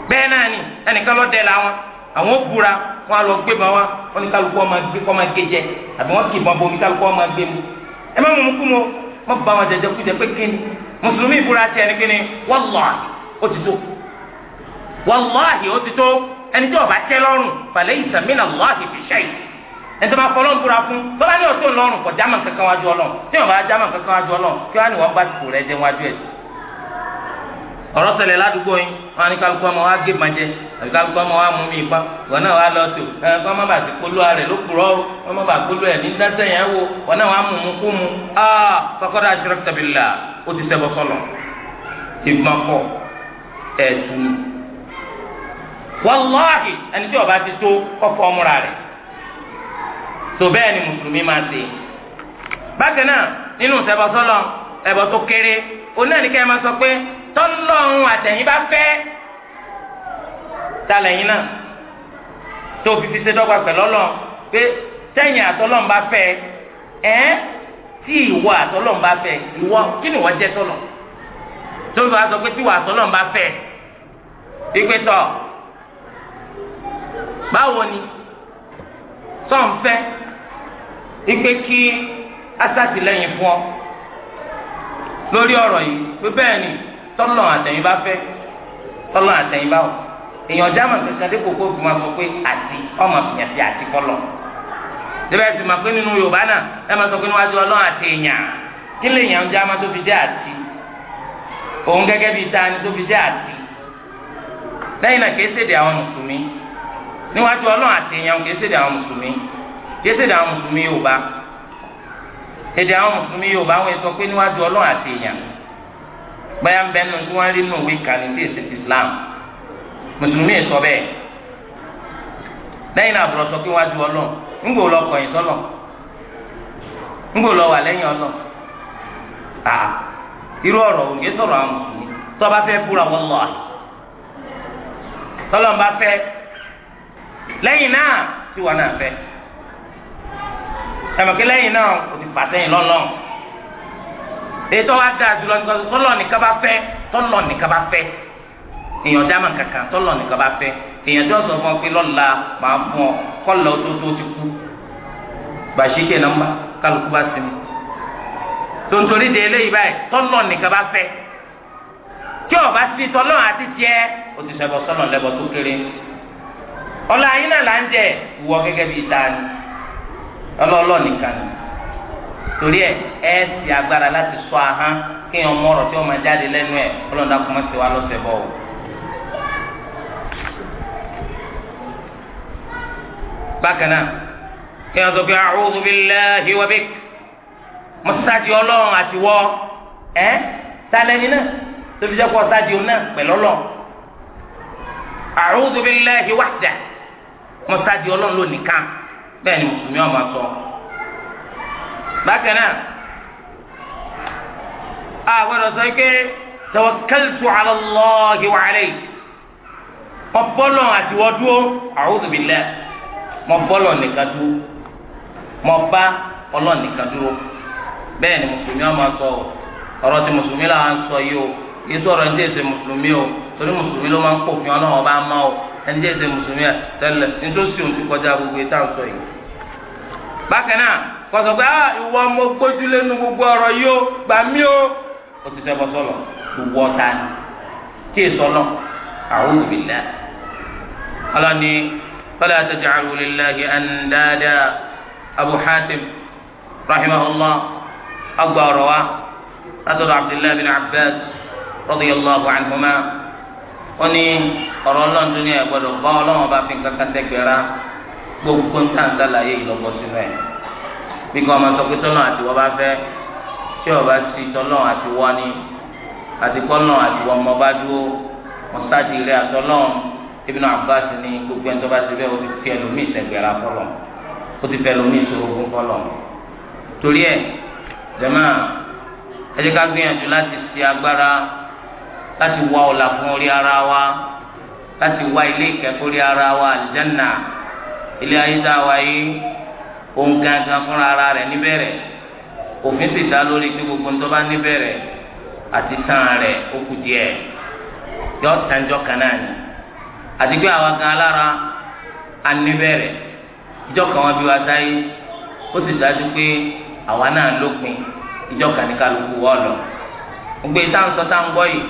bẹ́ẹ̀ náà ni ẹnìkan lọ́ọ́ dẹ̀ làwọn àwọn ó wọn lọ gbé bá wa wọn ní kálukú ọmọ gbé kọ́ máa gé jẹ àbí wọn kì í bọ́n bomi kálukú ọmọ gbé mu ẹ má mú mú kú mu má bá wọn jẹjẹ kú jẹ pé kíni mùsùlùmí ìbúra tiẹ̀ ní kíni wàláhì ó ti tó wàláhì ó ti tó ẹni tí ọba tẹ́ lọ́rùn fàlẹ́ ìsàmínà wàláhì fi ṣe ẹni tó bá fọ lọ́n búra fún tọ́lá ní ọ̀tún lọ́rùn kọ̀ jámà kankan wájú ọlọ́run tí wọn bá jámà kankan wájú ọlọ́run kí wọn á wọn bá tìkù rẹ ọ̀rọ̀ ṣẹlẹ̀ ládùúgbò yín wọn á ní kálukú ọmọ wa gé ma jẹ àbí kálukú ọmọ wa mú mi pa wọn náà wà lọ tó ẹ kọ́ má bàa ti polú ara rẹ̀ ló kúrọ́ o wọn má bàa polú ẹ̀ ní dáńtẹ́ yẹn wo wọn náà wà mú mu kú mu aa fakọ́dà ashrakta billah ó ti sẹ́bọ̀ sọ̀lọ̀ ìgbọ̀nkọ̀ ẹ̀sùn wàláhì ẹni tí ọba ti tó kọ́kọ́ ọmúra rẹ̀ tó bẹ́ẹ̀ ni mùsùlùmí máa ṣe bákan náà nínú sẹ́bọ̀ sọ̀lọ̀ ẹ̀bọ̀ tó kéré onáà máa sọ pé tọ́lọ́run àtẹ̀yìn bá fẹ́ ta lẹ́yìn náà tó fi fi ṣe dọ́gba pẹ̀lú ọlọ́run pé tẹ́yìn àtọ́lọ́run bá fẹ́ ẹ́ tí ìwọ àtọ́lọ́run bá fẹ́ ìwọ kí ni ìwọ jẹ́ tọ́lọ̀ tó fi wá sọ pé tí ìwọ àtọ́lọ́run bá fẹ́ ìpè tọ̀ báwo ni sọ̀nfẹ́ ìpè kí asátìlẹ́yìn fún ọ lórí ọ̀rọ̀ yìí pé bẹ́ẹ̀ ni. tọ́lọ̀ àtẹ̀yìn bá fẹ́ tọ́lọ̀ àtẹ̀yìn bá èèyàn jáàmù kankan dé kókó fún wa pé àti ọmọ fìyàn àti kọ́lọ̀ débẹ̀ sì máa pé nínú Yorùbá náà ẹ sọ pé níwájú Ọlọ́run àti èèyàn kí lè yàn jáàmù tó fi àti òun gẹ́gẹ́ bíi tó fi àti lẹ́yìn náà àwọn mùsùlùmí níwájú Ọlọ́run àti èèyàn àwọn mùsùlùmí àwọn mùsùlùmí Bayan ń bẹ nù tí wọ́n rí nù wí kàní islam mùsùlùmí sọ lẹ́yìn sọ pé wájú ọlọ́run ńgbò lọ kọ̀yìn lọ ọlọ́run à irú ọ̀rọ̀ òye sọ̀rọ̀ àwọn mùsùlùmí tọ́ba lẹ́yìn náà tí wọn ètò wa dáa jùlọ nígbà tọ́lọ̀ nìkan bá fẹ́ tọ́lọ̀ nìkan bá fẹ́ èèyàn dáàmà kankan tọ́lọ̀ nìkan bá fẹ́ èèyàn tó sọ fún ọ pé lọ́la màá fún ọ kọ́lọ̀ tó tó ti kú kálukú bá sinmi tontori de eléyìí báyìí nìkan bá ọba sí àti o ti tó kéré ayé náà torí ẹ ẹ sì agbára láti sọ ahán kí wọn mọ ọ̀rọ̀ tí wọn máa jáde lẹ́nu ẹ ọlọ́dà kò mọ̀ sí wa lọ́sẹ̀ bọ̀ o. bákan náà kí wọn sọ pé a'udhu billahi wa bik mo sáàdì ọlọ́run àti wọ́ ẹ sálẹ́ni náà tó jẹ́ kó sáàdì òun náà pẹ̀lú ọlọ́run a'udhu billahi wahda mo sáàdì ọlọ́run lónìí kan bẹ́ẹ̀ ni mùsùlùmí ọ̀ sọ bákan náà a gbọ́dọ̀ sọ pé tawakkaltu ala Allahi wa alayhi mọ bọlọ àti wọdúró a'udhu billah mọ bọlọ nìkan dúró mọ bá Ọlọ́run nìkan dúró bẹ́ẹ̀ ni mùsùlùmí ọmọ sọ ọ̀rọ̀ tí mùsùlùmí làwọn sọ yìí o yíṣọ ọ̀rọ̀ ẹni tí èsè mùsùlùmí o torí mùsùlùmí ló máa ń pòfin Ọlọ́run ọba máa o ẹni tí èsè mùsùlùmí ẹ tẹ́lẹ̀ nítòsí òun ti kọjá gbogbo ìtàn sọ yìí bákan náà kọsọ pé ah ìwọ ọmọ gbójúlé nu gbogbo ọ̀rọ̀ yìí ó gbà mí ó o ti sẹbọ sọlọ ìwọ ta ni tí ì sọlọ a'udhu billahi ọlọni fala taj'alu lillahi andada abu hatim rahimahullah agba ọ̀rọ̀ wa látọ̀dọ̀ abdullahi bin abbas radiyallahu anhuma wọn ni ọ̀rọ̀ Ọlọ́run tó ní ẹ bá Ọlọ́run bá fi nǹkan kan tẹgbẹrẹ gbogbo ń tàn sálàyé ìlọ́bọ sínú ẹ̀ bí kò ọmọ sọ pé tọ́lọ́ àti wọ́n bá fẹ́ tí ọba sí tọ́lọ́ àti wọ́n ni àti kọ́nà àti wọ́n ọmọ bá dúró mọ́sáàdì rẹ̀ àtọ́lọ́ Ibn Abbas ni gbogbo ẹni tó bá ti bẹ́ẹ̀ o ti fi ẹlòmíì sẹ̀gbẹ̀rẹ̀ afọlọ́ o ti fi ẹlòmíì sọ̀rọ̀ fún fọlọ́ torí ẹ̀ jẹ́mà ẹ jẹ́ ká gbìyànjú láti ṣe agbára láti wá ọ̀la fún orí ara wa láti wá ilé ìkẹ́kọ̀ọ́ orí ara wa àlìjánnà ilé ayé tá a wá yìí òun gangan fúnra ara rẹ̀ níbẹ̀rẹ̀ òfin sì dá lórí pé gbogbo ń tó bá níbẹ̀rẹ̀ àti sàn rẹ̀ ó kù díẹ̀ yọ sanjọ́ kan náà ni àti pé àwa gan alára a níbẹ̀rẹ̀ ìjọ kan wọn bí wa sáyé ó sì dájú pé àwa náà lópin ìjọ kan ní kálukú wọ́ọ̀ lọ gbogbo ìtànsọ́ tá ń gbọ́ yìí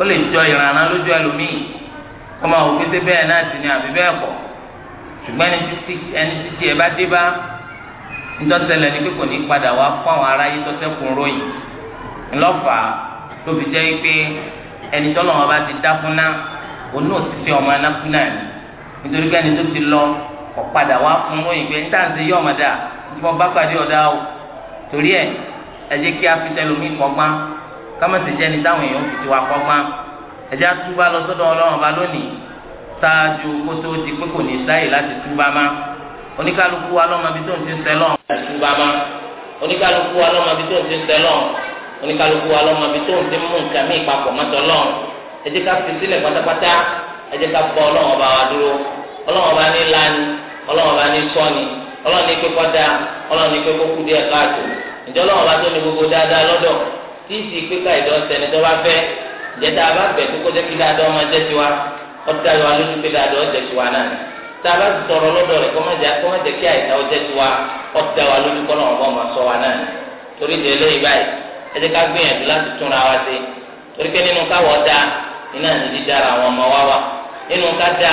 ó lè jọ ìrànlá lójú ẹlòmíì kọ́mọ òfin sí bẹ́ẹ̀ náà sì ni àbí bẹ́ẹ̀ kọ́ ṣùgbọ́n ẹni títí ẹni títí ẹ bá dé bá ńtọ́sẹ̀lẹ̀ ní pé kò ní padà wá fún àwọn aráyé tọ́sẹ̀kùn ròyìn ńlọ́fà ló fi jẹ́ pé ẹni tọ́lọ̀ wọn bá ti dá fún náà òun náà ti fi ọmọ aná fún náà ni nítorí pé ẹni tó ti lọ kọ̀ padà wá fún ròyìn pé níta ń ṣe yí ọmọ dà tí wọ́n bá pàdé ọ̀dà o torí ẹ̀ ẹ jẹ́ kí a fi tẹlomi kọ́gbọ́n kámẹ́sì jẹ́ni táwọn èèyàn fi ti wá kọ́gbọ́n ẹ jẹ́ àtúbà lọ sọ́dọ̀ Ọlọ́run ọba lónìí ṣáájú kó tó di pé kò ní sáyè láti túbá má oníkálukú wa lọ́mọ ibi tó ń ti ń sẹ́lọ̀ láti túbá má oníkálukú wa lọ́mọ ibi tó ń ti ń sẹ́lọ̀ oníkálukú wa lọ́mọ ibi tó ń ti mú nǹkan mí ìpapọ̀ mọ́tọ́ lọ́n ẹ jẹ́ ká fi sílẹ̀ pátápátá ẹ jẹ́ ká bọ́ ọlọ́run ọba wa dúró ọlọ́run ọba ní lani ọlọ́run ọba ní sọ́ni ọlọ́run ní pé kọ́dá ọlọ́run ní pé kókú díẹ̀ káàtó ǹjẹ́ ọlọ́run ọba tó ní gbogbo dáadáa lọ́dọ̀ tí ì sì pé ká ìdọ́ sẹ́ni tó bá fẹ́ ǹjẹ́ tá a bá bẹ̀ tó kó jẹ́ kí dáadáa ọmọ ọ̀dà yọ alójú pé dáadọ́ ọ̀jẹ̀ tiwa náà ni tá a bá ti tọrọ lọ́dọ̀ rẹ̀ kọ́ má jẹ́ kí àìsàn ọ̀jẹ̀ tiwa ọ̀dà wa lójú kọ́ náà wọ́n sọ wa náà ni torí de eléyìí báyìí ẹ jẹ́ ká gbìyànjú láti túnra wa sí torí pé nínú káwọ̀ dá iná ní dídára àwọn ọmọ wa wà nínú ká dá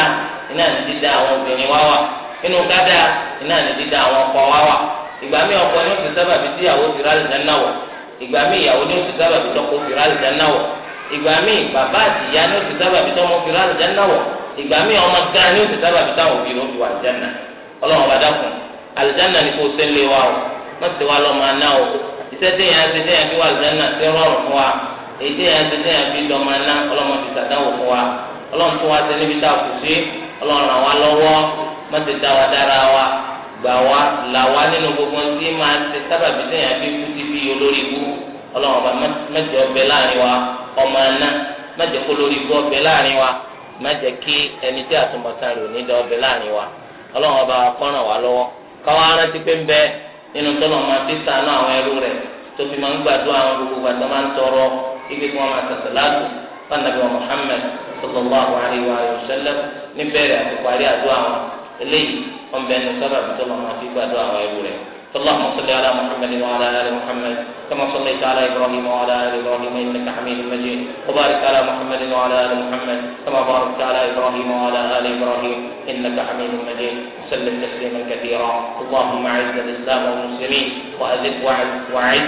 iná ní dídá àwọn obìnrin wa wà nínú ká dá iná ní dídá àwọn ọkọ wa wà ìgbà míì ọkọ ni ó ti sábà fi tíyàwó ti rálẹ̀ náà wọ̀ ìyàwó fi rálẹ̀ náà wọ̀ ìgbà míì bàbá àti ìyá ni ó ti sábà bí tọ́mọ fi rán àlùjáná wọ̀ ìgbà míì ọmọ gan ni ó ti sábà bí táwọn òbí ló fi wà àlùjáná ọlọ́run bá dákun àlùjáná ni kò sẹ́lẹ̀ wa o wọ́n ti wá lọ́mọ aná o iṣẹ́ téèyàn ṣe téèyàn fi wà àlùjáná ti rọrùn fún wa èyí téèyàn ṣe téèyàn fi lọ́mọ aná ọlọ́mọ ti sàdáwò fún wa ọlọ́run tó wá sí níbi tá a kù sí ọlọ́run ràn wá lọ́wọ́ ọmọ aná má jẹ́ kó lórí ibú ọbẹ̀ láàrin wa má jẹ́ kí ẹni tí àtúbọ̀tán rẹ̀ ò ní da ọbẹ̀ láàrin wa ọlọ́run ọba kọ́ràn wá lọ́wọ́ káwọn arántí pé ń bẹ nínú tọ́lọ̀ máa fi sànú àwọn ẹrú rẹ̀ tó fi máa ń gbàdúrà àwọn gbogbo gbàdúrà máa ń tọrọ ibi tí wọ́n máa tẹ̀sẹ̀ láàbù fún anabi Muhammad sallallahu alayhi wa sallam níbẹ̀rẹ̀ àti parí àdúrà wọn eléyìí wọn bẹ nínú sábàbí tọ́lọ̀ máa fi gbàdúrà àwọn ẹrú rẹ̀. اللهم صل على محمد وعلى ال محمد كما صليت على ابراهيم وعلى ال ابراهيم انك حميد مجيد وبارك على محمد وعلى ال محمد كما باركت على ابراهيم وعلى ال ابراهيم انك حميد مجيد وسلم تسليما كثيرا اللهم اعز الاسلام والمسلمين واذل وعز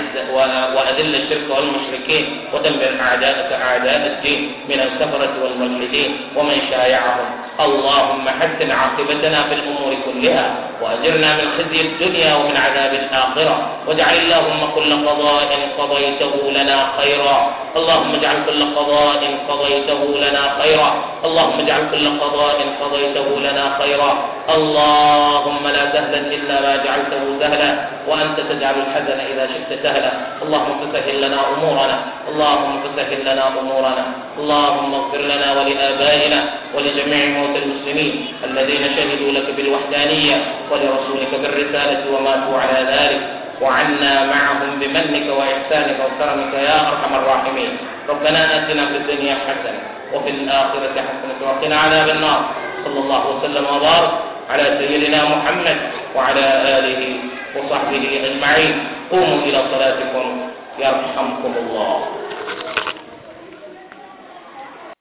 واذل الشرك والمشركين ودمر اعداءك اعداء الدين من السفره والملحدين ومن شايعهم اللهم حسن عاقبتنا في الامور كلها واجرنا من خزي الدنيا ومن عذاب عذاب الآخرة واجعل اللهم كل قضاء قضيته لنا خيرا اللهم اجعل كل قضاء قضيته لنا خيرا اللهم اجعل كل قضاء قضيته لنا خيرا اللهم لا سهلا إلا ما جعلته سهلا وأنت تجعل الحزن إذا شئت سهلا اللهم فسهل لنا أمورنا اللهم فسهل لنا أمورنا اللهم اغفر لنا ولآبائنا ولجميع موت المسلمين الذين شهدوا لك بالوحدانية ولرسولك بالرسالة وماتوا على ذلك وعنا معهم بمنك وإحسانك وكرمك يا أرحم الراحمين ربنا آتنا في الدنيا حسنة وفي الآخرة حسنة وقنا عذاب النار صلى الله وسلم وبارك على سيدنا محمد وعلى آله وصحبه أجمعين قوموا إلى صلاتكم يرحمكم الله